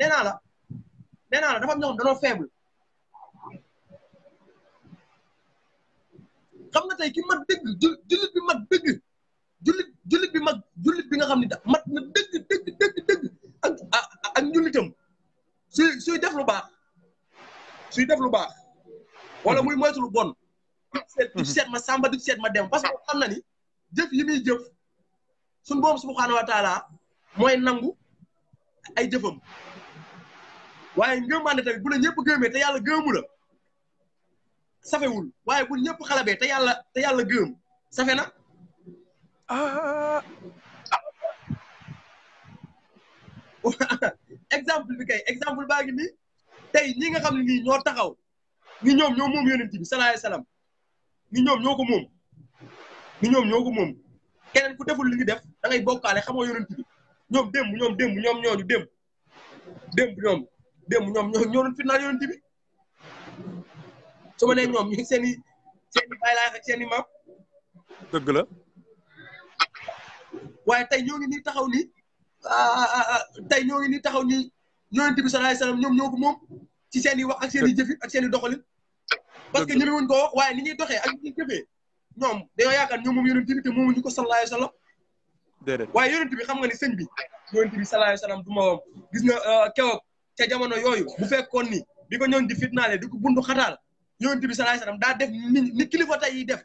nee naa la nee naa la dafa am ñoo xam dañoo faible xam nga tey ki mat dëgg jullit bi mat dëgg jullit jullit bi mag jullit bi nga xam ni mat na dëgg dëgg dëgg dëgg ak ak njullitam suy suy def lu baax suy def lu baax wala muy moytu lu bon du mhm. set ma sàmba di seet ma dem parce que xam na ni jëf yi muy jëf suñ boobu subhaanahu mooy nangu ay jëfam waaye ngëmande ta bu la ñëpp gëmee te yàlla gëmu safewul waaye bu ñëpp xalabee te yàlla te yàlla gëm safe na ah exemple bi kay exemple baa ngi nii tey ñi nga xam ne ni ñoo taxaw ni ñoom ñoo moom yonent bi salaay salaam ni ñoom ñoo ko moom ni ñoom ñoo ko moom keneen ku deful li ngi def da ngay bokkaale xamoo yonent bi ñoom démb ñoom démb ñoom ñooñu démb démb ñoom démb ñoom ñoo ñoo doon fitnaal yonent bi su ma ñoom ñu seen i seen i seeni laay maam. dëgg la. waaye tey ñoo ngi nii taxaw nii ah, ah, ah, tey ñoo ngi nii taxaw nii yonent bi sallallahu alayhi ñoom ñoo ko moom ci seen i wax ak seen i jëfin ak seen i doxalin. parce que ñemewuñ ko wax waaye ni ñuy doxee ak ni ñuy jëfee ñoom dañoo yaakaar ñoom moom yonent bi te moomuñu ko sallallahu alayhi wasallam. déedéet waaye yonent xam nga ni sëñ bi yonent bi sallallahu alayhi wasallam du ma gis nga euh, keroog. ca jamono yooyu bu fekkoon ni bi ko ñooñ di fitnaale di ko bundu xataal yonent bi sallallahu alayhi daa def ni kilifa tey yi def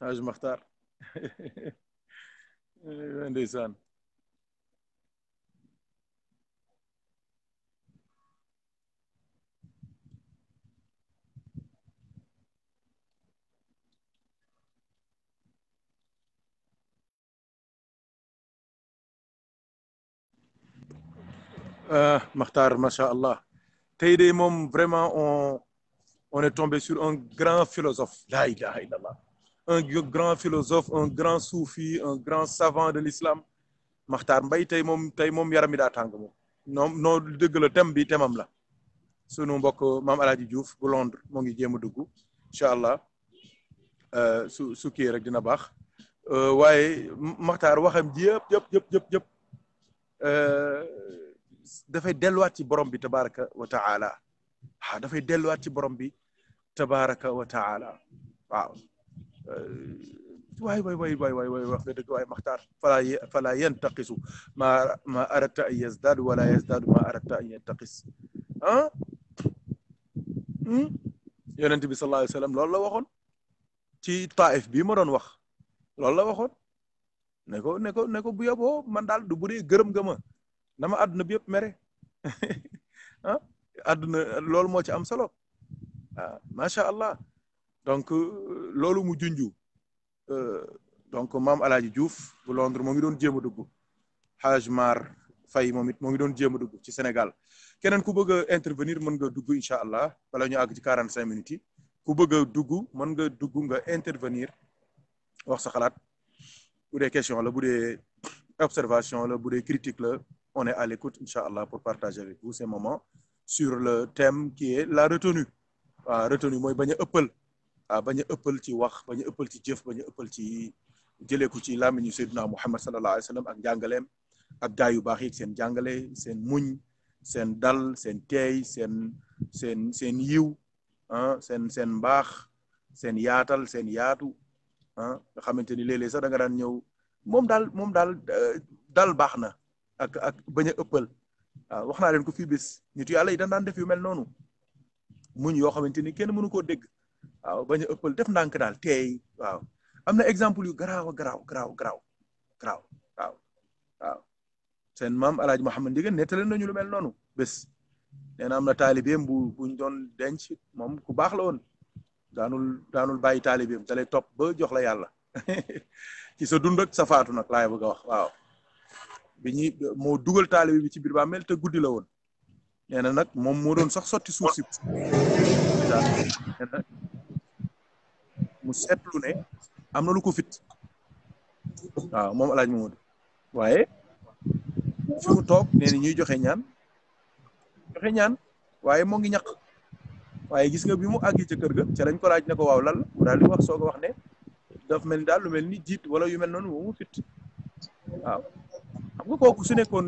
Haji Maxtaar ndeysaan Euh, Makhtar, Masha'Allah. Taïdé, mom, vraiment, on, on est tombé sur un grand philosophe. La ilaha illallah. Un grand philosophe, un grand soufi, un grand savant de l'islam. Makhtar Mbaye, tay mom, tay mom, yaramida da mom. Non, non, deug le thème bi thème la. Sunu mbokk Mam Aladji Diouf Londres mo ngi jema dougou. Inshallah. Euh sou, su rek dina bax. Euh waye Makhtar waxam ji yep yep yep yep Euh dafay delluwaat ci borom bi tabaraka wa taala ah dafay delluwaat ci borom bi tabaraka wa taala waaw waay waay waay waay waay waay wax nga dëgg waay maxtaar fala fala yantaqisu ma ma aradta an yazdad wala yazdadu ma aradta an yantaqis ah yonent bi sallallahu alayhi wa sallam loolu la waxoon ci taif bii ma doon wax loolu la waxoon ne ko ne ko ne ko bu yoboo man daal du bu dee gërëm nga ma na ma àdduna bi yëpp mere ah àdduna loolu moo ci am solo ah macha allah donc euh, loolu mu junju euh, donc maam Alaaji Diouf bu Londres moo ngi doon jéem a Mar fay moom it moo ngi doon jéem dugg ci Sénégal keneen ku bëgg a intervenir mën nga dugg incha allah bala ñu àgg ci quarante cinq minutes yi ku bëgg a dugg mën nga dugg nga intervenir wax sa xalaat bu dee question la bu dee observation la bu dee critique la on est à l'écoute, Inch'Allah, pour partager avec vous ces moments sur le thème qui est la retenue. La ah, retenue, moi, bañ a ëppal ah a ëppal ci wax bañ a ëppal ci jëf bañ a ëppal ci jëlee ko ci làmmiñu sayyidina Muhammad sallallahu alayhi wa sallam ak njàngaleem ak gaa yu baax yi seen jàngale seen muñ seen dal seen teey seen seen seen yiw hein seen seen mbaax seen yaatal seen yaatu hein nga xamante ni léeg-léeg sax da nga daan ñëw moom daal moom daal euh, dal baax na. ak ak baña eppal ah, waxna len ko fi bis nit yàlla yi dañ daan def yu mel nonu muñ yo xamanteni ni kenn mënu ko deg waaw ah, baña eppal def ndànk dal tey waaw amna example exemple yu graw graw graw graw graw waaw waaw sen mam alaaj mohammed digen nañu lu mel nonu bes nee amna talibem bu buñ don denc mom ku bax la won danul danul bàyyi talibem dalay top ba jox la yalla ci sa dund ak sa faatu nak lay bëgg wax waaw bi ñuy moo dugal taalibe bi ci biir bàmmeel te guddi la woon nee na nag moom moo doon sax sotti suuf mu seetlu ne am na lu ko fit waaw moom alaaj Mamadou waaye fi mu toog nee na ñuy joxe ñaan joxe ñaan waaye moo ngi ñàkk waaye gis nga bi mu àggi ca kër ga ca lañ ko laaj ne ko waw lal mu daal di wax soog wax ne daf mel ni daal lu mel ni jiit wala yu mel noonu moo fit waaw xam nga kooku su nekkoon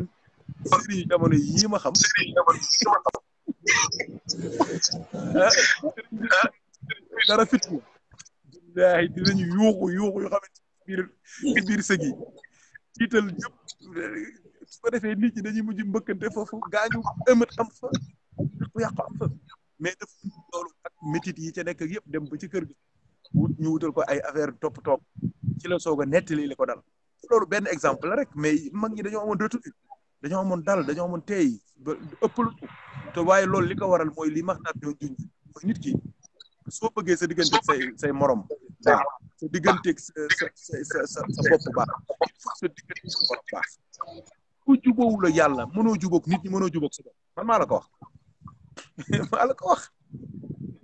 série yu jamono yii ma xam. série yu jamono fit ko. billahi dinañu yuuxu yuuxu yoo xamante ni biir biir sëg yi. tiital ñëpp su defee nit dañuy mujj mbëkkante foofu gaañu ëmët am fa lu yàqu fa mais def loolu ak métit yi ca nekk yëpp dem ba ci kër gi wut ñu ko ay affaire topp topp ci la soog a nettali ko dal. loolu benn exemple la rek mais mag ñi dañoo amoon retenue dañoo amoon dal dañoo amoon teey ba ëppalu te waaye loolu li ko waral mooy li maxtaat ñoo junj mooy nit ki soo bëggee sa digganteeg say morom baax sa digganteeg sa sa sa sa sa digganteeg sa borom baax ku jubóowu la yàlla mënoo jubóog nit ñi mënoo jubóog sa bopp man maa la ko wax maa la ko wax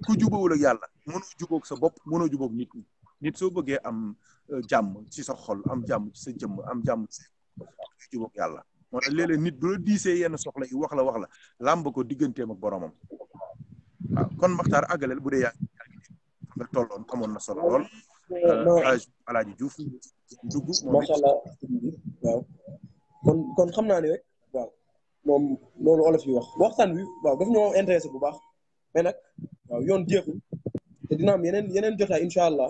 ku jubóowu sa bopp mënoo jubóog nit nit soo bëggee am Euh, jàmm ci sa xol am jàmm ci sa jëmm am jàmm ci sa yàlla moo tax nit bu la diisee yenn soxla yi wax la wax la làmb ko digganteem ak boromam waaw kon Maxtaar àggaleel bu dee yaa nga tolloon amoon na solo lool. Euh, Alaaji Diouf dugg macha allah kon xam naa ne rek waaw moom loolu olof yi wax waxtaan wi waaw daf ñoo intéressé bu baax mais waaw yoon jeexul te dina yeneen yeneen jotaay incha allah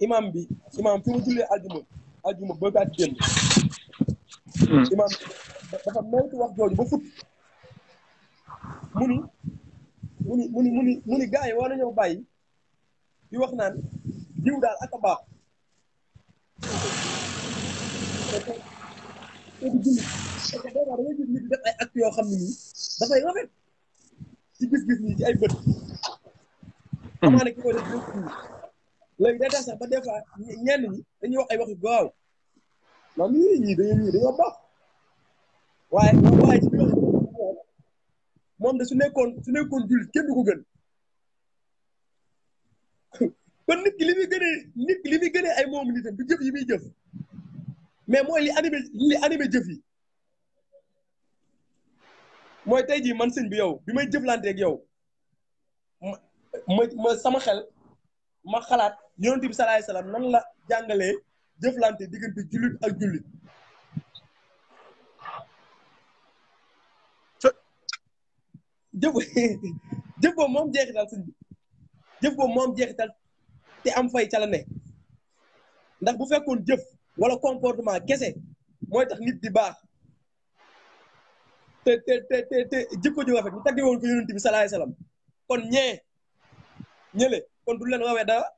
imam bi imam fi mu jullee aljuma aljuma ba baat génn hmm. imam dafa moytu wax jooju ba fut mu ni mu ni mu ni mu ni mu ni gars yi war nañoo bàyyi di wax naan jiw daal ak baax te du julli parce que boobaa dangay gis nit di def ay yoo xam ne nii dafay rafet ci gis nii léegi day tax ba des fois ñenn dañuy wax ay waxu gaaw man ñii ñii dañoo ñii dañoo baax waaye su nekkoon su nekkoon jullit kenn ko gën kon nit ki li gënee ay moom nitam du jëf yi muy jëf mais mooy li animé li mooy tey jii man sëñ bi yow bi may jëflanteeg yow ma ma sama xel ma xalaat yonent bi salaay salaam nan la jàngalee jëflante diggante jullit ak jullit. jëf jëf boobu moom jeexital sëñ moom jeexital te am fay calane ndax bu fekkoon jëf wala comportement kese mooy tax nit di baax te te te te jikko ju rafet ñu tagge woon ko yonent bi salaay salaam kon ñee ñële kon du leen rawee dara.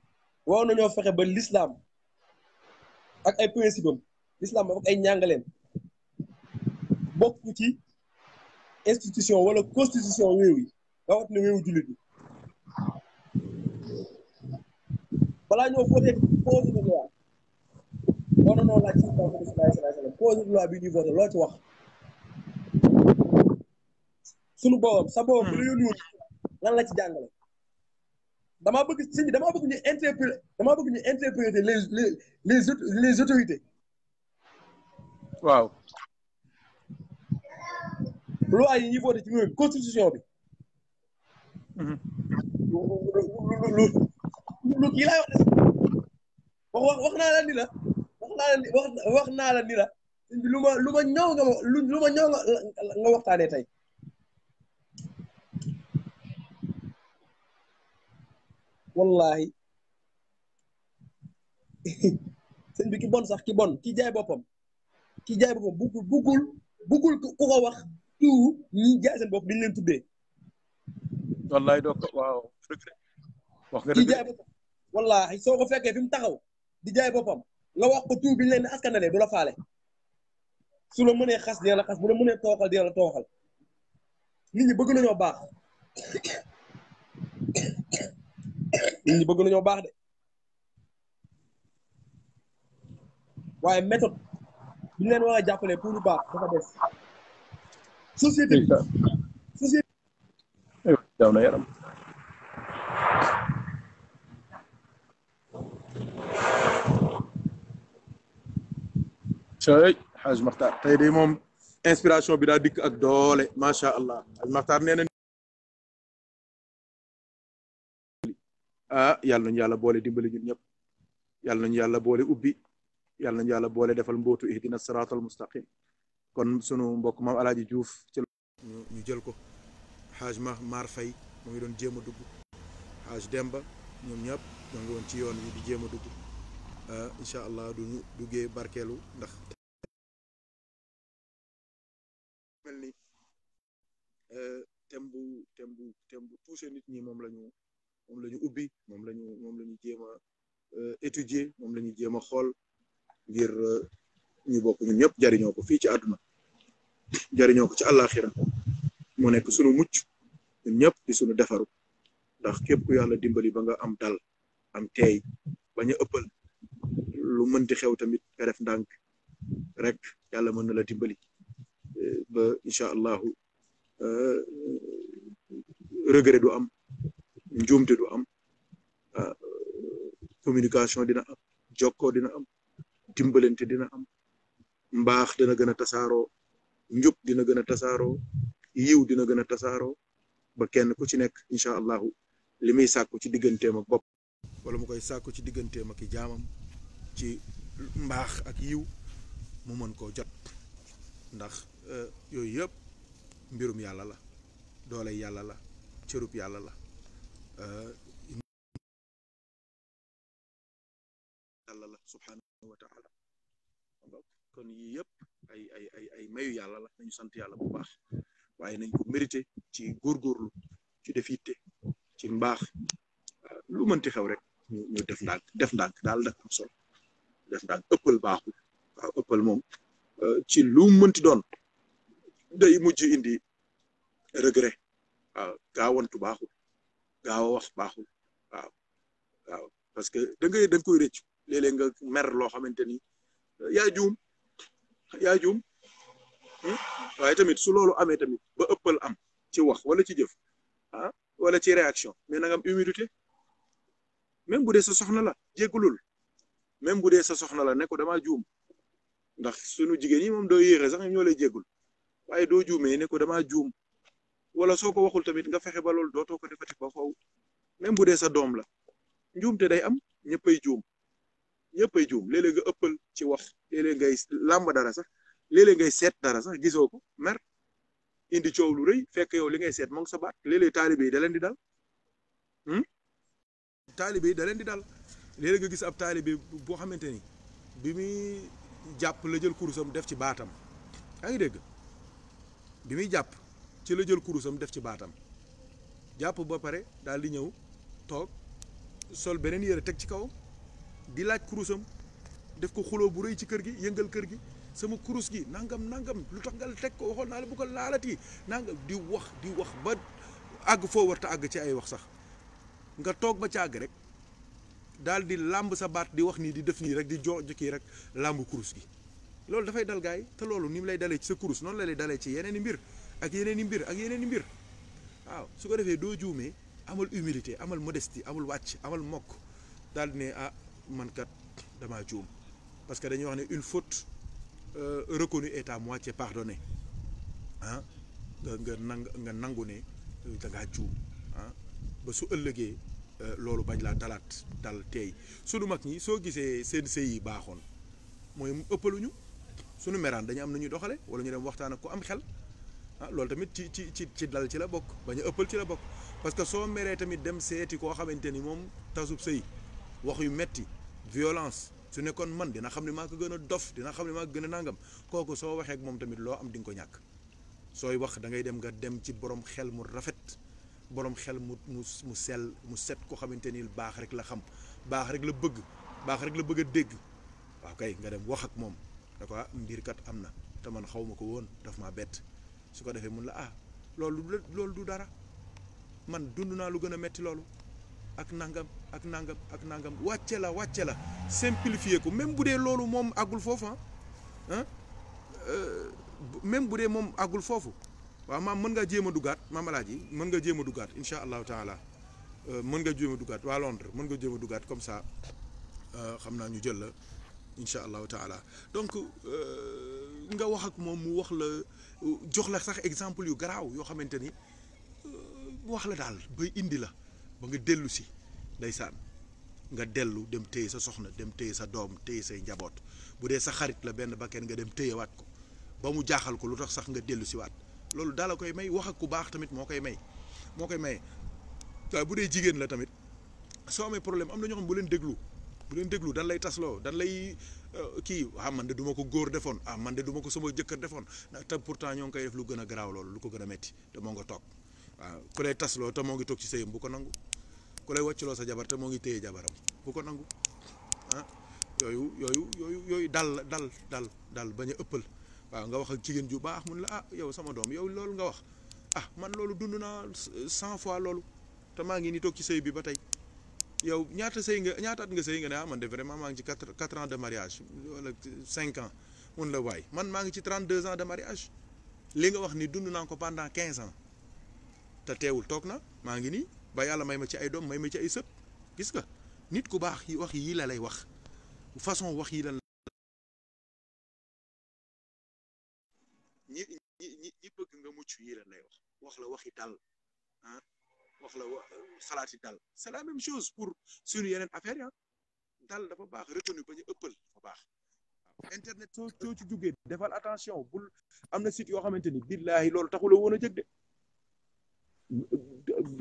waaw nañoo fexe ba l'islam ak ay principe am ay ñàngaleem bokk ci institution wala constitution réew yi rawatina réewu jullit yi ñoo voté projet de loi war na noo laaj ci bi ñuy loo ci wax sunu borom sa borom bu hmm. la yónni woon lan la ci jàngale damaa bëgg sëñ bi damaa bëgg ñu interpellé damaa bëgg ñu interpréter les les les les autorités. waaw. loi yi ñuy voté ci bi. Mhm. lu lu lu kii laay wax wax wax wax naa la ni wax lu ma lu nga ma lu ma ñëw nga waxtaanee tey. wallahi sëñ bi ki bon sax ki bon ki jaay boppam ki jaay boppam bugul bugul ku ko wax tout ñi jaay seen bopp dañu leen tuddee wallahi doo ko wax nga ki jaay boppam wallahi soo ko fekkee fi mu taxaw di jaay boppam nga wax ko tout bi ñu leen di askanale du la su la mënee xas dina la xas bu la mënee tooxal dina la tooxal nit ñi bëgg nañoo baax nit ñi bëgg nañoo baax de waaye méthode bi ñu leen war a jàppale pour lu baax dafa des. société bi société. daw na yaram. sëñ Haj Maxtaar tey de moom inspiration bi daa dikk ak doole macha allah Haj Maxtaar nee ah yàlla nañu yàlla boole dimbali ñun ñëpp yàlla nañu yàlla boole ubbi yàlla nañu yàlla boole defal mbootu ihdina siraatal mustaqim kon sunu mbokk maam alaaji Diouf ñu jël ko xaaj ma maar fay mu ngi doon jéem a dugg xaaj demba ñoom ñëpp ñoo woon ci yoon yi di jéem dugg ah, incha allah duñu duggee barkeelu ndax mel ni ah, nit ñi moom la moom lañu ubbi moom lañu ñu moom la ñu jéem a euh, étudier moom la ñu jéem a xool ngir euh, ñu bokk ñun ñëpp jariñoo ko fii ci àdduna jariñoo ko ci àllaaxira mu nekk sunu mucc ñun ñëpp di sunu defaru ndax képp ku yàlla dimbali ba nga am dal am teey bañu ëppal lu mënti xew tamit nga def ndànk rek yàlla mën na la dimbali euh, ba incha allahu regret du am njuumte du am euh, communication dina am jokkoo dina am dimbalante dina am mbaax dina gën a tasaaroo njub dina gën a tasaaroo yiw dina gën a tasaaroo ba kenn ku ci nekk incha allahu li muy sàkku ci digganteem ak bopp wala mu koy sàkku ci digganteem ak i jaamam ci mbaax ak yiw mu mën koo jot ndax euh, yooyu yëpp mbirum yàlla la doole yàlla la cërub yàlla la yàlla la subhaanahu kon yi yëpp ay ay mayu yàlla la nañu sant yàlla bu baax waaye nañ ko mérité ci góorgóorlu ci def ci mbaax lu mënti xew rek ñu def ndànk def ndànk daal da am solo def ndànk ëppal baaxul waaw ëppal moom euh, ci lu mënti doon day mujj indi regret waaw gaawantu baaxul gaaw a wax baaxul waaw parce que da ngay da nga koy rëccu léeg-léeg nga mer loo xamante ni yaa juum hmm? waaye tamit su loolu amee tamit ba ëppal am ci wax wala ci jëf ah wala ci réaction mais na nga am humilité même bu dee sa soxna la jéggulul même bu dee sa soxna la ne damaa juum ndax sunu jigéen ñi moom doo yéexe sax ñoo lay jéggul waaye doo juumee ne ko damaa juum wala soo ko waxul tamit nga fexe ba loolu dootoo ko defati ba faw même bu dee sa doom la njuumte day am ñëppay juum ñëppay juum léeg-léeg nga ëppal ci wax léeg ngay làmb dara sax léeg ngay seet dara sax gisoo ko mer indi coow lu rëy fekk yow li ngay seet moo sa baat léeg-léeg taalibe da leen di dal taalibe yi da leen di dal hmm? léeg nga gis ab taalibe boo xamante ni bi muy jàpp la jël kurusam def ci baatam yaa ngi dégg bi muy jàpp ci la jël kurusam def ci baatam jàpp ba pare daal di ñëw toog sol beneen yére teg ci kawam di laaj kurusam def ko xuloo bu rëy ci kër gi yëngal kër gi sama kurus gi nangam nangam lu tax nga teg ko waxoon naa la bu ko laalati nangam di wax di wax ba àgg foo war àgg ci ay wax sax nga toog ba ci àgg rek daal di làmb sa baat di wax nii di def nii rek di jo kii rek làmb kurus gi loolu dafay dal gaay te loolu ni lay dalee ci sa kurus noonu la lay dalee ci yeneen i mbir. ak yeneen mbir ak yeneen mbir waaw su ko defee doo juumee amal humilité amal modestie amul wàcc amal mokk daal di ne ah man kat dama juum parce que dañuy wax ne une faute euh, reconnue est à moitié pardonnée ah nga nga nang nga nangu ne euh, da ngaa juum ah ba su ëllëgee euh, loolu bañ laa dalaat dal tey sunu mag ñi soo gisee seen sëy yi baaxoon mooy ëppaluñu sunu meraan dañu am na ñuy doxale wala ñu dem waxtaan ak ku am xel. ah loolu tamit ci ci ci ci dal ci la bokk bañ a ëppal ci la bokk parce que soo meree tamit dem seeti koo xamante ni moom tasub sëy wax yu metti violence su nekkoon man dina xam ne maa ko gën a dof dina xam ne maa ko gën a nangam kooku soo waxee ak moom tamit loo am di nga ko ñàkk sooy wax da ngay dem nga dem ci borom xel mu rafet borom xel mu mu mu sell mu set koo xamante ni baax rek la xam baax rek la bëgg baax rek la bëgg dégg waaw kay nga wax ak moom da ko ah, kat am na te man xaw ko woon daf maa bett su ko defee mun la ah loolu loolu du dara man dund naa lu gën a metti loolu ak nangam ak nangam ak nangam wàcce la wàcce la simplifier ko même bu dee loolu moom àggul foofu ah, ah euh, même bu dee moom àggul foofu waaw maam mën nga jéem a duggaat maam alaaji mën nga jéem duggaat incha allahu taala euh, mën nga jéem duggaat waa Londres mën nga jéema duggaat comme ça euh, xam naa ñu jël la incha allah taala donc nga wax ak moom mu wax la. jox la sax exemple yu garaaw yoo xamante ni euh, wax la daal bay indi la ba nga dellu si ndeysaan nga dellu dem téye sa soxna dem téye sa doom téye say njaboot bu dee sa xarit la benn bakken nga dem téyewaat ko ba mu jaaxal ko lu tax sax nga dellu si waat loolu daala koy may wax ak ku baax tamit moo koy may moo koy maye waaye bu dee jigéen la tamit soo amee problème am na ñoo xam bu leen déglu bu leen déglu dan lay tasloo dan lay Eh, kii ah man de duma ko góor defoon ah man de duma ko sama jëkkër defoon te pourtant ñoo ngi koy def lu gën a garaaw loolu lu ko gën a metti te moo nga toog waaw ah, ku lay tas loo te moo ngi toog ci sëyam bu ko nangu ku lay wàcculoo sa jabar te moo ngi téye jabaram bu ko nangu yo yo yo yo dal dal dal dal bañ a ëppal waaw ah, nga wax ak jigéen ju baax mun la ah yow sama doom yow loolu nga wax ah man loolu dund naa cent fois loolu te maa ngi ni toog ci sëy bi ba yow ñaata sëy nga ñaata at nga sëy nga ne aman ah, de vraiment maa ngi ci quatre quatre ans de mariage wala cinq ans mun la waay man maa ngi ci trent deux ans de mariage li nga wax ni dund naa ko pendant quinze ans te teewul toog na maa ngi nii ba yàlla may ma ci ay doom may ma ci ay sët gis nga nit ku baax yi wax yi la lay wax façon wax yi la nga mucc yii lay wax wax la waxi dal ah. wax la xalaat yi dal c'est la même chose pour suñu yeneen affaire ya ah. dal dafa baax reconnu ba ñu ëppal dafa baax internet soo soo ci duggee defal attention bul am na site yoo xamante ni billaahi loolu taxula woon a jóg de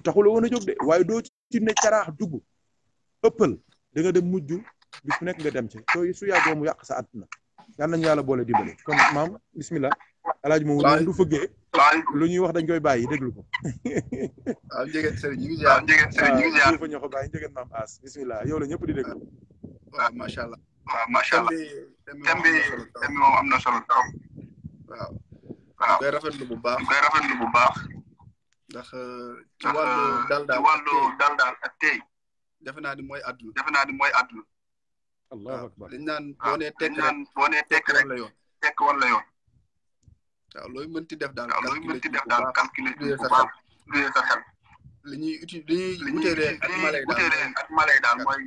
taxula woon a jóg de waaye doo ci ne caraax dugg ëppal danga nga dem mujj bis bu nekk nga dem ci sooy su yàggoo mu yàq sa àdduna yal nañu yàlla boole dimbale kon maam bismillah alaaji moom du fëggee lu ñuy wax dañ koy bàyyi déglu ko am jegen serigne ñu jaar jegen serigne ñu jaar ah, fa ñoko bàyyi jegen mam as bismillah yow la ñëpp di Allah waaw Allah tembi tembi mom amna solo taw waaw waaw day rafetlu bu baax day rafetlu bu baax ndax euh, ci walu euh, dal dal walu dal dal ak tey defe naa ni mooy Allahu akbar liñ rek yoon waaw looy mënti def daal calculer ci bu baax luyee sa xel li ñuy uti li ñuy uteeree ak malay daal mooy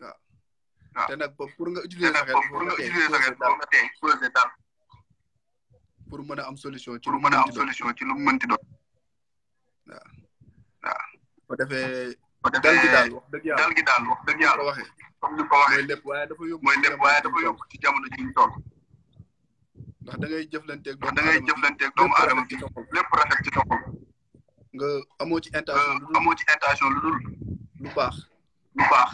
waaw te nag pour nga utiliser sa xel pour nga utiliser sa xel nga tey posé daal pour mën a am solution ci lu mën a am solution ci lu mu mënti doon waaw waaw ko defee dal gi daal wax dëgg yàlla dal gi daal wax dëgg yàlla comme ni ko waxee mooy lépp waaye dafa yóbbu mooy lépp waaye dafa yóbbu ci jamono ji ñu ndax da ngay jëflanteeg doomu aadama da ngay jëflanteeg lépp rafet ci sa xol nga amoo ci intention lu dul amoo ci intention lu dul lu baax lu baax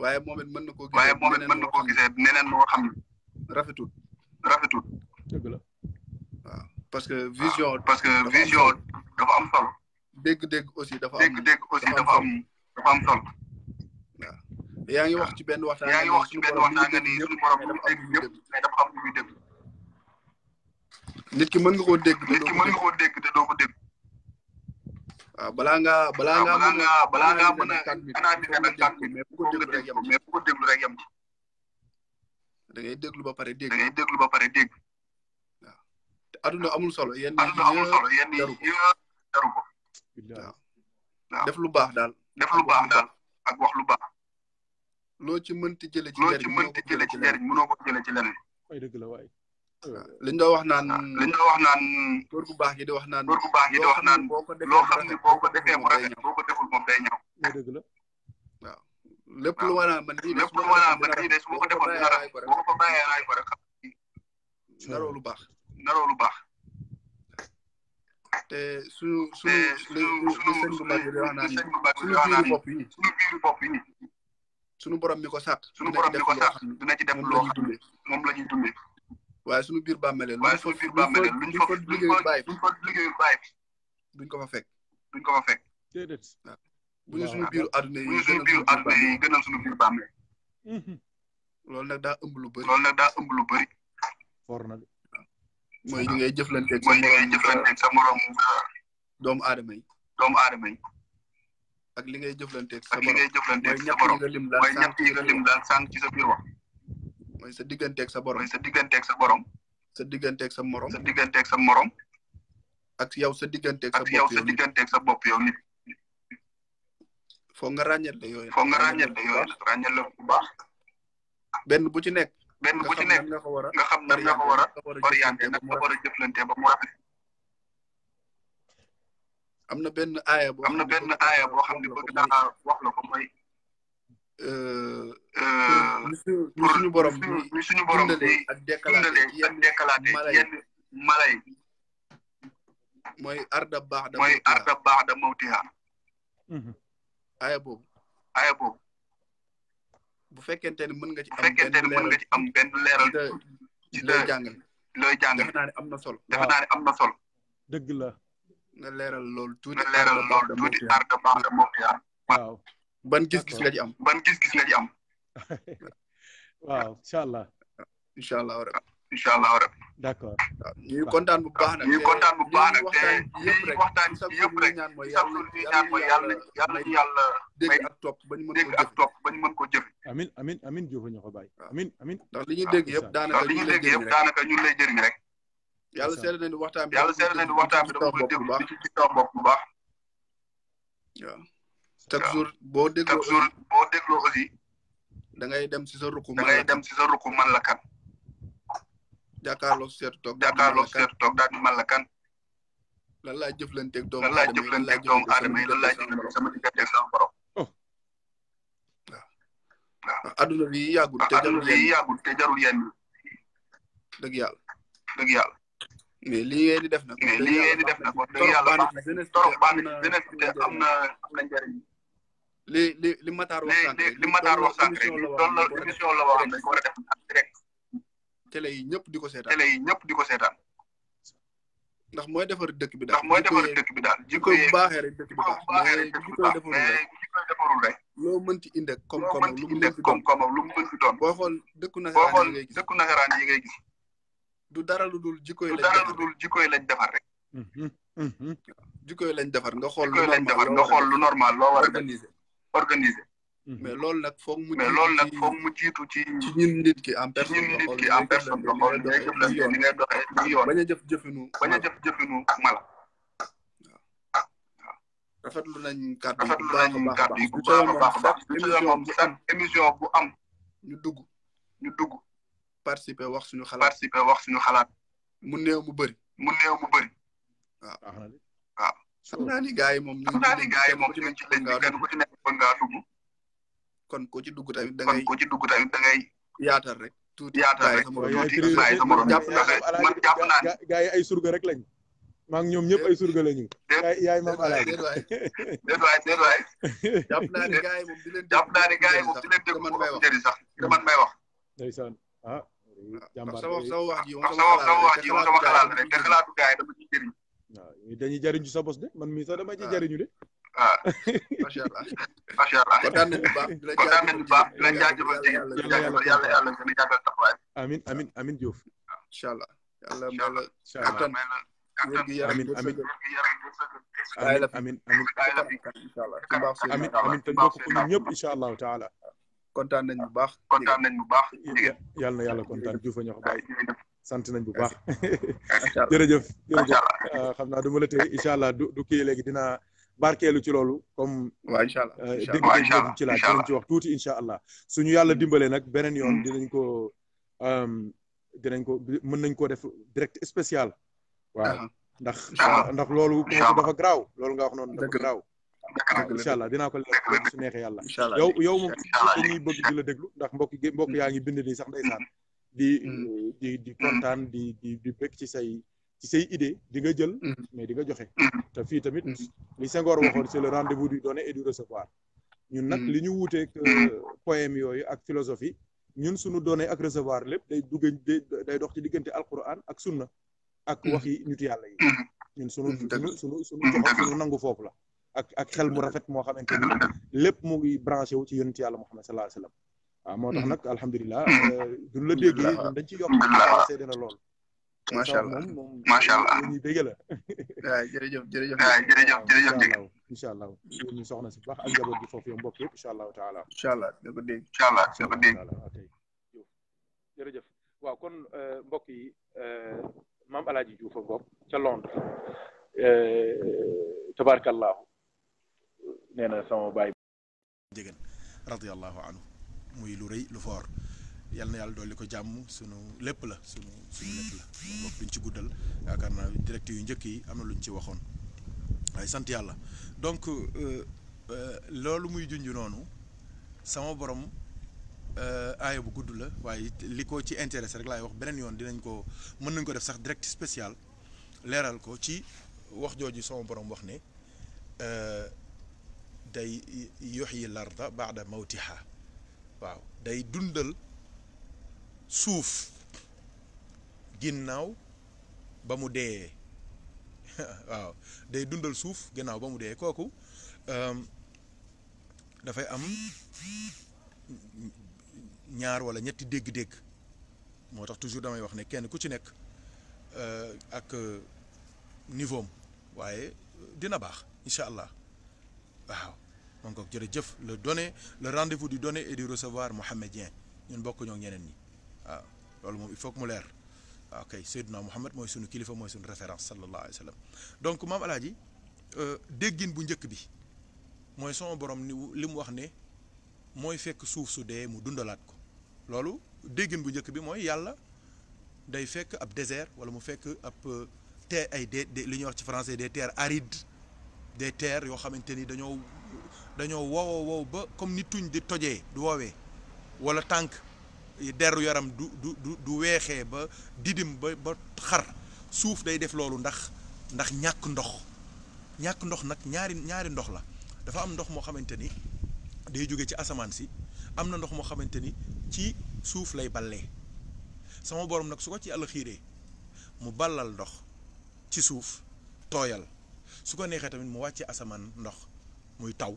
waaye moom it mën na koo gisee moom it mën na koo gisee neneen loo xam ne rafetul rafetul dëgg la parce que vision parce que vision dafa am solo dégg-dégg aussi dafa am dégg-dégg aussi dafa am dafa am solo ngi wax ci benn waxtaan yaa ngi wax ci benn waxtaan nga ni suñu borom lu muy dégg yëpp mais dafa am lu muy dégg nit ki mën nga ko dégg nit ki mën nga ko dégg te doo ko dégg waaw ah, balaa nga balaa ah, nga balaa nga balaa nga mën a xanaa di nga tànk bi mais bu ko déglu rek yam mais bu ko déglu rek yem da ngay déglu ba pare dégg da ngay déglu ba pare dégg waaw aduna amul solo yenn yi aduna amul solo yenn yi daru ko waaw def lu baax daal def lu baax daal ak wax lu baax loo ci mënti jëlee ci njëriñ loo ci mënti jëlee ci njëriñ mënoo ko jëlee ci leneen waay dëgg la waay liñ do wax naan liñ do wax naan góor gu baax gi di wax naan góor gu baax gi di wax naan loo xam ne boo ko defee mu rafet boo ko deful moom day ñëw dëgg la waaw lépp lu wara man lii lépp lu wara man lii de su ma ko defoon dina rafet boo ko fa bàyyee raay ko rek xam naroo lu baax naroo lu baax te suñu suñu suñu sëñ bu baax bi di wax naan suñu biiru bopp yi suñu biiru bopp yi suñu borom mi ko sàkk suñu borom mi ko sàkk dina ci def loo xam ne moom la ñuy dundee waaye suñu biir bàmmeel waaye suñu biir bàmmeel luñ fa liggéeyu bàyyi buñ fa liggéeyu bàyyi duñ ko fa fekk duñ ko fa fekk déedéet waaw bu ñu suñu biir adduna yi suñu biir adduna yi gënal suñu biir bàmmeel loolu nag daa ëmb lu bëri loolu nag daa ëmb lu bëri for na mooy ngay jëflanteeg sa morom jëflanteeg sa morom doomu aadama yi doomu aadama li ngay jëflanteeg sa morom ak li ngay jëflanteeg sa morom mooy ñett yi nga lim daal sànq ci sa biir moy sa digënté ak sa borom mooy sa ak sa borom sa digënté kan ak sa morom sa digënté ak sa morom ak yow sa digënté ak sa bop yow sa digënté ak sa bop yow nit fo ya. ya, nga rañal de yoy fo nga rañal de yoy rañal la bu baax benn bu ci nek benn bu ci nek nga xam nan nga ko wara orienté nak nga wara jëflanté ba mu rafet amna ben aya bo amna ben aya bo xamni boo xam ne bëgg naa wax la ko moy ñu suñu borom ñu suñu borom di ak dekkalaate ci yenn mala yi mooy arda baax da mooy arda baax da mawtiha mhm. aya boobu aya bu fekkente ni mën nga ci am fekkente ni mën nga ci am benn leeral ci looy looy jàngal naa ne am na solo defe am na solo dëgg la nga leeral loolu tuuti nga leeral loolu arda baax da mawtiha waaw ban gis-gis nga am ban gis-gis nga ci am. waaw incha allah. allah rabi incha allah rabi. d' accord ñu kontaan bu baax nag ñu kontaan bu baax nag te li waxtaan bi yëpp rek sax lu ñuy ñaan mooy yàlla yàlla yàlla dégg ak topp ba ñu mën ko dégg topp ba ñu mën ko jëfe. amin amin amin Diouf ñu ko bàyyi. amin amin ndax li ñuy ah, dégg yëpp daanaka li ñuy dégg yëpp daanaka ñu lay jëriñ rek. yàlla seetlu nañu waxtaan bi yàlla ne nañu waxtaan bi dama koy déglu ci ci taw bopp bu baax chaque jour ya. boo dégloo jour boo dégloo aussi. da ngay dem si sa ruku man la kan da ngay dem si sa ruku man la kan. jàkkaarloo seetu toog jàkkaarloo seetu toog daal di man la kan. lan laa jëflanteeg doomu aadama lan laa jëflanteeg doomu aadama yi lan laa jëflanteeg sama digganteeg sama borom. Oh. waaw ah, aduna bi yàggul te jarul yenn yi yàggul te jarul yenn yi. dëgg yàlla. dëgg yàlla. mais li ngeen di def nag. mais li ngeen di def nag wax dëgg yàlla baax na jeunesse bi am na li li li Matar wax sànq li Matar wax sànq rek doon na émission la wax dañ a def direct télé yi ñëpp di ko seetaan télé ñëpp di ko seetaan ndax mooy defar dëkk bi daal ndax mooy defar dëkk bi daal jikko bu baaxee rek dëkk bi baax mais jikko loo mënti indi ak koom-koom lu mu mënti koom-koom lu mu mënti boo xool dëkku nasaraan yi ngay gis dëkku nasaraan yi ngay gis du dara lu dul jikko yi lañ defar jikko yi lañ defar rek mm-hmm, mm-hmm. jikko yi lañ defar nga xool lu normal nga xool lu normal loo war a organiser organisé. Mhm. mais loolu nag foog mu. loolu nag foog mu jiitu ci. ci nit ki en personne. ci ñun nit ki en personne nga xool ngay jëflante ni ngay doxee ci yoon. bañ a jëf jëfinu. bañ a jëf jëfinu mala. rafetlu nañ kàddu yi bu baax a baax kàddu yi bu baax a baax baax moom sax émission bu am. ñu dugg ñu dugg. participer wax suñu xalaat participer wax suñu xalaat. mu néew mu bëri. mu néew xam naa ni gars yi moom. xam naa ne gars yi moom ci lañ ci lañ kenn kon ko ci dugg tamit da ngay ci dugg tamit da ngay. rek tu yaatal rek tuuti bàyyi sa morom jàpp naa ne man jàpp yi ay surga rek lañ. maa ngi ñoom ñëpp ay surga lañu. déedéet yaay maam alaaji. déedéet waay déedéet waay. jàpp naa ne yi moom di leen jàpp naa ne gars man may wax jëri sax man may ah, wax. a ah. jàmbaar sama wax sama wax ji moom ah, sama xalaat rek waaw dañuy jariñ ci sa bos de man mii sax dama ci ah. jariñu de. ah macha allah macha allah kontaan nañu bu baax di a yàggal taxawaay. amiin amiin amiin Diouf. incha allah yàlla may la kattan wér gi yaram wér gi yaram amiin amiin amiin amiin te bokk ko ñëpp incha allahu taala. kontaan nañu bu baax. kontaan nañ bu baax. yàlla na yàlla kontaan Diouf a ñoo sant nañ bu baax jërëjëf jërëjëf ah, xam naa du ma la téye incha allah du du kii léegi dinaa barkeelu ci loolu comme incha allah dégg nañ ci laaj dinañ ci wax tuuti incha allah suñu yàlla dimbale nag beneen yoon mm. dinañ ko um, dinañ ko mën nañ ko def direct spécial waaw uh-huh. ndax ndax loolu kooku dafa graaw loolu nga wax noonu dafa graaw incha allah dinaa ko leer su neexee yàlla yow yow moom dañuy bëgg di la déglu ndax mbokk mbokk yaa ngi bind nii sax ndeysaan Mm. di di di mm. kontaan di di di bëgg ci say say idée di nga jël mm. mais di nga joxe te fii tamit li Senghor waxoon c'est le rendez-vous du donner et du recevoir ñun nag li ñu wuuteeg euh, poème yooyu ak philosophie ñun suñu donner ak recevoir lépp day dugg day dox ci diggante alquran ak sunna ak wax yi ñut yàlla yi ñun sunu sunu sunu sunu nangu foofu la ak ak xel mu rafet moo xamante ni lépp mu ngi branché wu ci yonent yàlla Muhammad sallallahu alayhi wa sallam waaw ah, moo tax mhm. nag alhamdulilah. Euh, duñ la déggee dañ ci yokk seede na lool. macha allah macha allah moom ñuy dégg la. waaw jërëjëf jërëjëf. waaw jërëjëf jërëjëf. incha allah incha allah ñu soxna si baax ak njaboot gi foofu yow mbokk yëpp incha allah taala. incha allah da ko dégg incha allah da ko dégg. jërëjëf waaw kon euh, mbokk yi euh, maam El Hadj Diouf a bokk ca Londres tabaarkallaahu nee na sama baay. jigéen radiyallaahu anhu muy lu rëy lu foor yal na yàlla li ko jàmm sunu lépp la sunu sunu lépp la donc duñ ci guddal yaakaar naa direct yu njëkk yi am na lu ñu ci waxoon waaye sant yàlla donc euh, euh, loolu muy junj noonu sama borom euh, aaya bu gudd la waaye li ko ci intéressé rek laay wax beneen yoon dinañ ko mën nañ ko def sax direct spécial leeral ko ci wax jooju sama borom wax ne day yuxyi larda baada mawtiha waaw day dundal suuf ginnaaw ba mu dee day dundal suuf ginnaaw ba mu dee kooku um, dafay am ñaar walla ñetti dégg-dégg moo tax toujours damay wax ne kenn ku ci nekk uh, ak uh, niveau waaye uh, dina baax incha allah waaw. donc jërëjëf le donné le rendez-vous du donner et du recevoir mohammedien ñun bokku ñok ñeneen ni waaw loolu moom il faut que mu leer ok kay mohammed Mouhamed mooy sunu kilifa mooy sunu référence sallallahu alayhi wa sallam donc maam alaaji euh, déggin bu njëkk bi mooy son borom ni li mu wax ne mooy fekk suuf su dee mu dundalaat ko loolu déggin bu njëkk bi mooy yàlla day fekk ab désert wala mu fekk ab euh, terre ay des li ñuy wax ci français des terres arides des terres yoo xamante ni dañoo dañoo woowoo wow ba comme ni tuñ di tojee du woowee wala tànk deru yaram du du du weexee ba didim ba ba xar suuf day def loolu ndax ndax ñàkk ndox ñàkk ndox nag ñaari ñaari ndox la dafa am ndox moo xamante ni day jóge ci asamaan si am na ndox moo xamante ni ci suuf lay ballee sama borom nag su ko ci àll xiiree mu ballal ndox ci suuf tooyal su ko neexee tamit mu wàccee asamaan ndox muy taw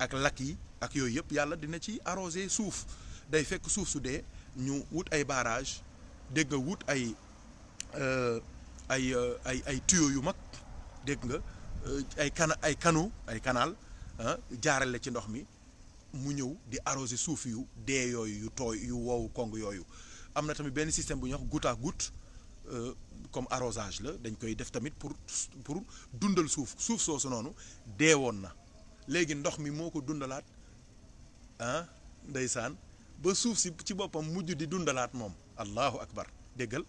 ak lakk yi ak yooyu yëpp yàlla dina ci arroser suuf day fekk suuf su dee ñu wut ay barrage dégg nga wut ay euh, ay euh, ay ay tuyaux yu mag dégg nga euh, ay kana ay canaux ay canal ah jaarale ci ndox mi mu ñëw di arroser suuf yu dee yooyu yu tooy yu woowu kong yooyu am na tamit benn système bu ñox wax goutte à goutte comme arrosage la dañ koy def tamit pour pour dundal suuf suuf soosu noonu woon na léegi ndox mi moo ko dundalaat ah ndeysaan ba suuf si ci boppam mujj di dundalaat moom allahu akbar déggal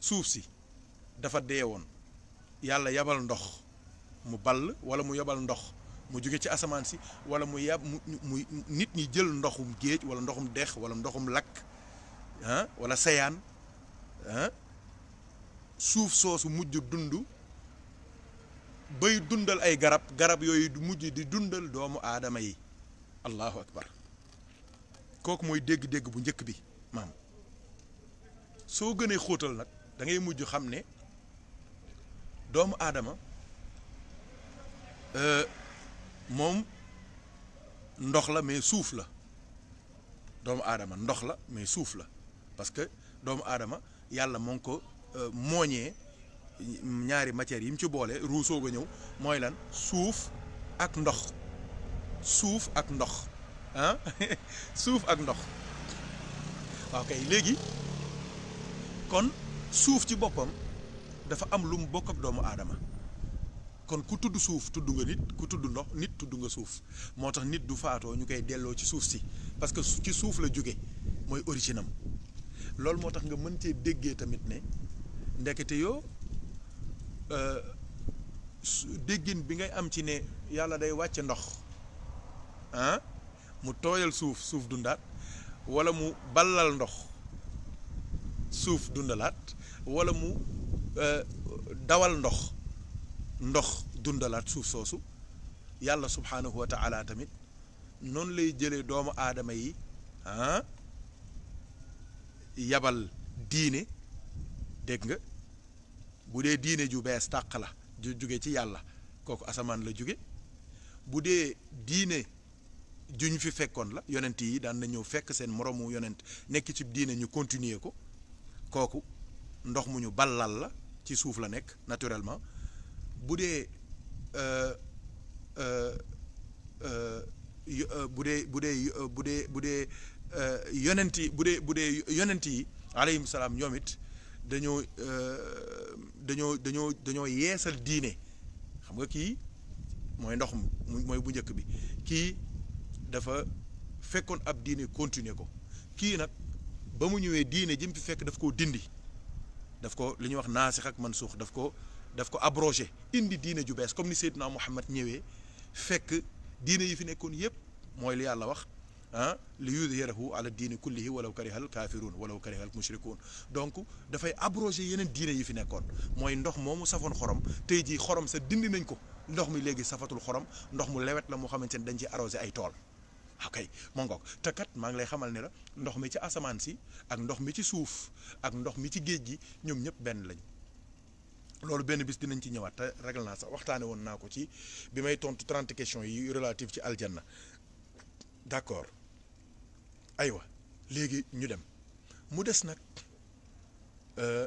suuf si dafa dee woon yàlla yabal ndox mu ball wala mu yabal ndox mu jóge ci asamaan si wala mu yab mu mu nit ñi jël ndoxum géej wala ndoxum dex wala ndoxum lakk ah wala seyaan ah, suuf soosu mujj dund bay dundal ay garab garab yooyu du mujj di dundal doomu aadama yi allahu akbar kooku mooy dégg-dégg bu njëkk bi maam soo gënee xóotal nag dangay mujj xam ne doomu aadama euh, moom ndox la mais suuf la doomu aadama ndox la mais suuf la parce que doomu aadama yàlla moo ko euh, mooñee ñaari matières yi mu ci boole ruusoo ga ñëw mooy lan suuf ak ndox suuf ak ndox ah suuf ak ndox waaw léegi kon suuf ci boppam dafa am lu mu bokk ak doomu aadama kon ku tudd suuf tudd nga nit ku tudd ndox nit tudd nga suuf moo tax nit du faatoo ñu koy delloo ci suuf si parce que ci suuf la jóge mooy origine am loolu moo tax nga mën cee déggee tamit ne ndekete yoo Euh, déggin bi ngay am ci ne yàlla day wàcce ndox mu tooyal suuf suuf dundaat walla mu ballal ndox suuf dundalaat wala mu euh, dawal ndox ndox dundalaat suuf soosu yàlla subhaanahu wa tamit noonu lay jële doomu aadama yi yabal diine dégg nga bu dee diine ju bees tàq la ju jóge ci yàlla kooku asamaan la jóge bu dee diine juñ fi fekkoon la yonent yi daan na ñëw fekk seen moroomu yonent nekk ci diine ñu continuer ko kooku ndox mu ñu ballal la ci suuf la nekk naturellement bu dee euh, euh, euh, bu dee bu dee bu dee bu dee yonent yi bu dee bu yi alayhim salaam ñoom it dañoo euh, dañoo dañoo dañoo yeesal diine xam nga kii mooy ndox mu mooy bu njëkk bi kii dafa fekkoon ab diine continuer ko kii nag ba mu ñëwee diine ji mu fi fekk daf ko dindi daf ko li ñuy wax naasix ak man suux daf ko daf ko abrogé indi diine ju bees comme ni Seydina Muhammad ñëwee fekk diine yi fi nekkoon yépp mooy li yàlla wax ليظهره على الدين كله ولو كره الكافرون ولو كره المشركون دونك دا فاي ابروجي يينن دين يي في نيكون موي ندوخ مومو سافون خروم تيجي خروم سا ديندي نانكو ندوخ مي ليغي سافاتول خروم ندوخ مو لويت لا مو خامتين دنجي اروزي اي تول اوكي مونغوك تا كات ماغ لاي خامل نيلا ندوخ مي تي اسمان سي اك ندوخ مي تي سوف اك ندوخ مي تي گيج جي نيوم نيب بن لاج lolu ben bis dinañ ci ñëwaat te regal naa sax waxtaane woon naa ko ci bi may tontu 30 questions yi relative ci aljanna d' aywa léegi ñu dem mu des nag euh,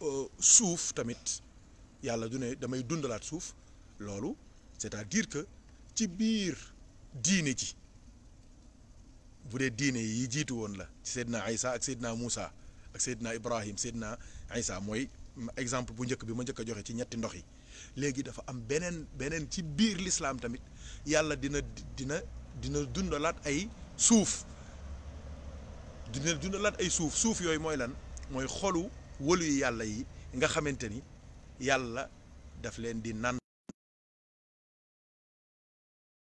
euh, suuf tamit yàlla du ne damay dundalaat suuf loolu cest à diir que ci biir diine ji bu dee diine yi jiitu woon la ci Seydina Isa ak Seydina Moussa ak Seydina Ibrahim Seydina Isa mooy exemple bu njëkk bi ma njëkk a joxe ci ñetti ndox yi léegi dafa am beneen beneen ci biir lislaam tamit yàlla dina dina dina dundalaat ay suuf dina dundalaat ay suuf suuf yooyu mooy lan mooy xolu wëlu yàlla yi nga xamante ni yàlla daf leen di nan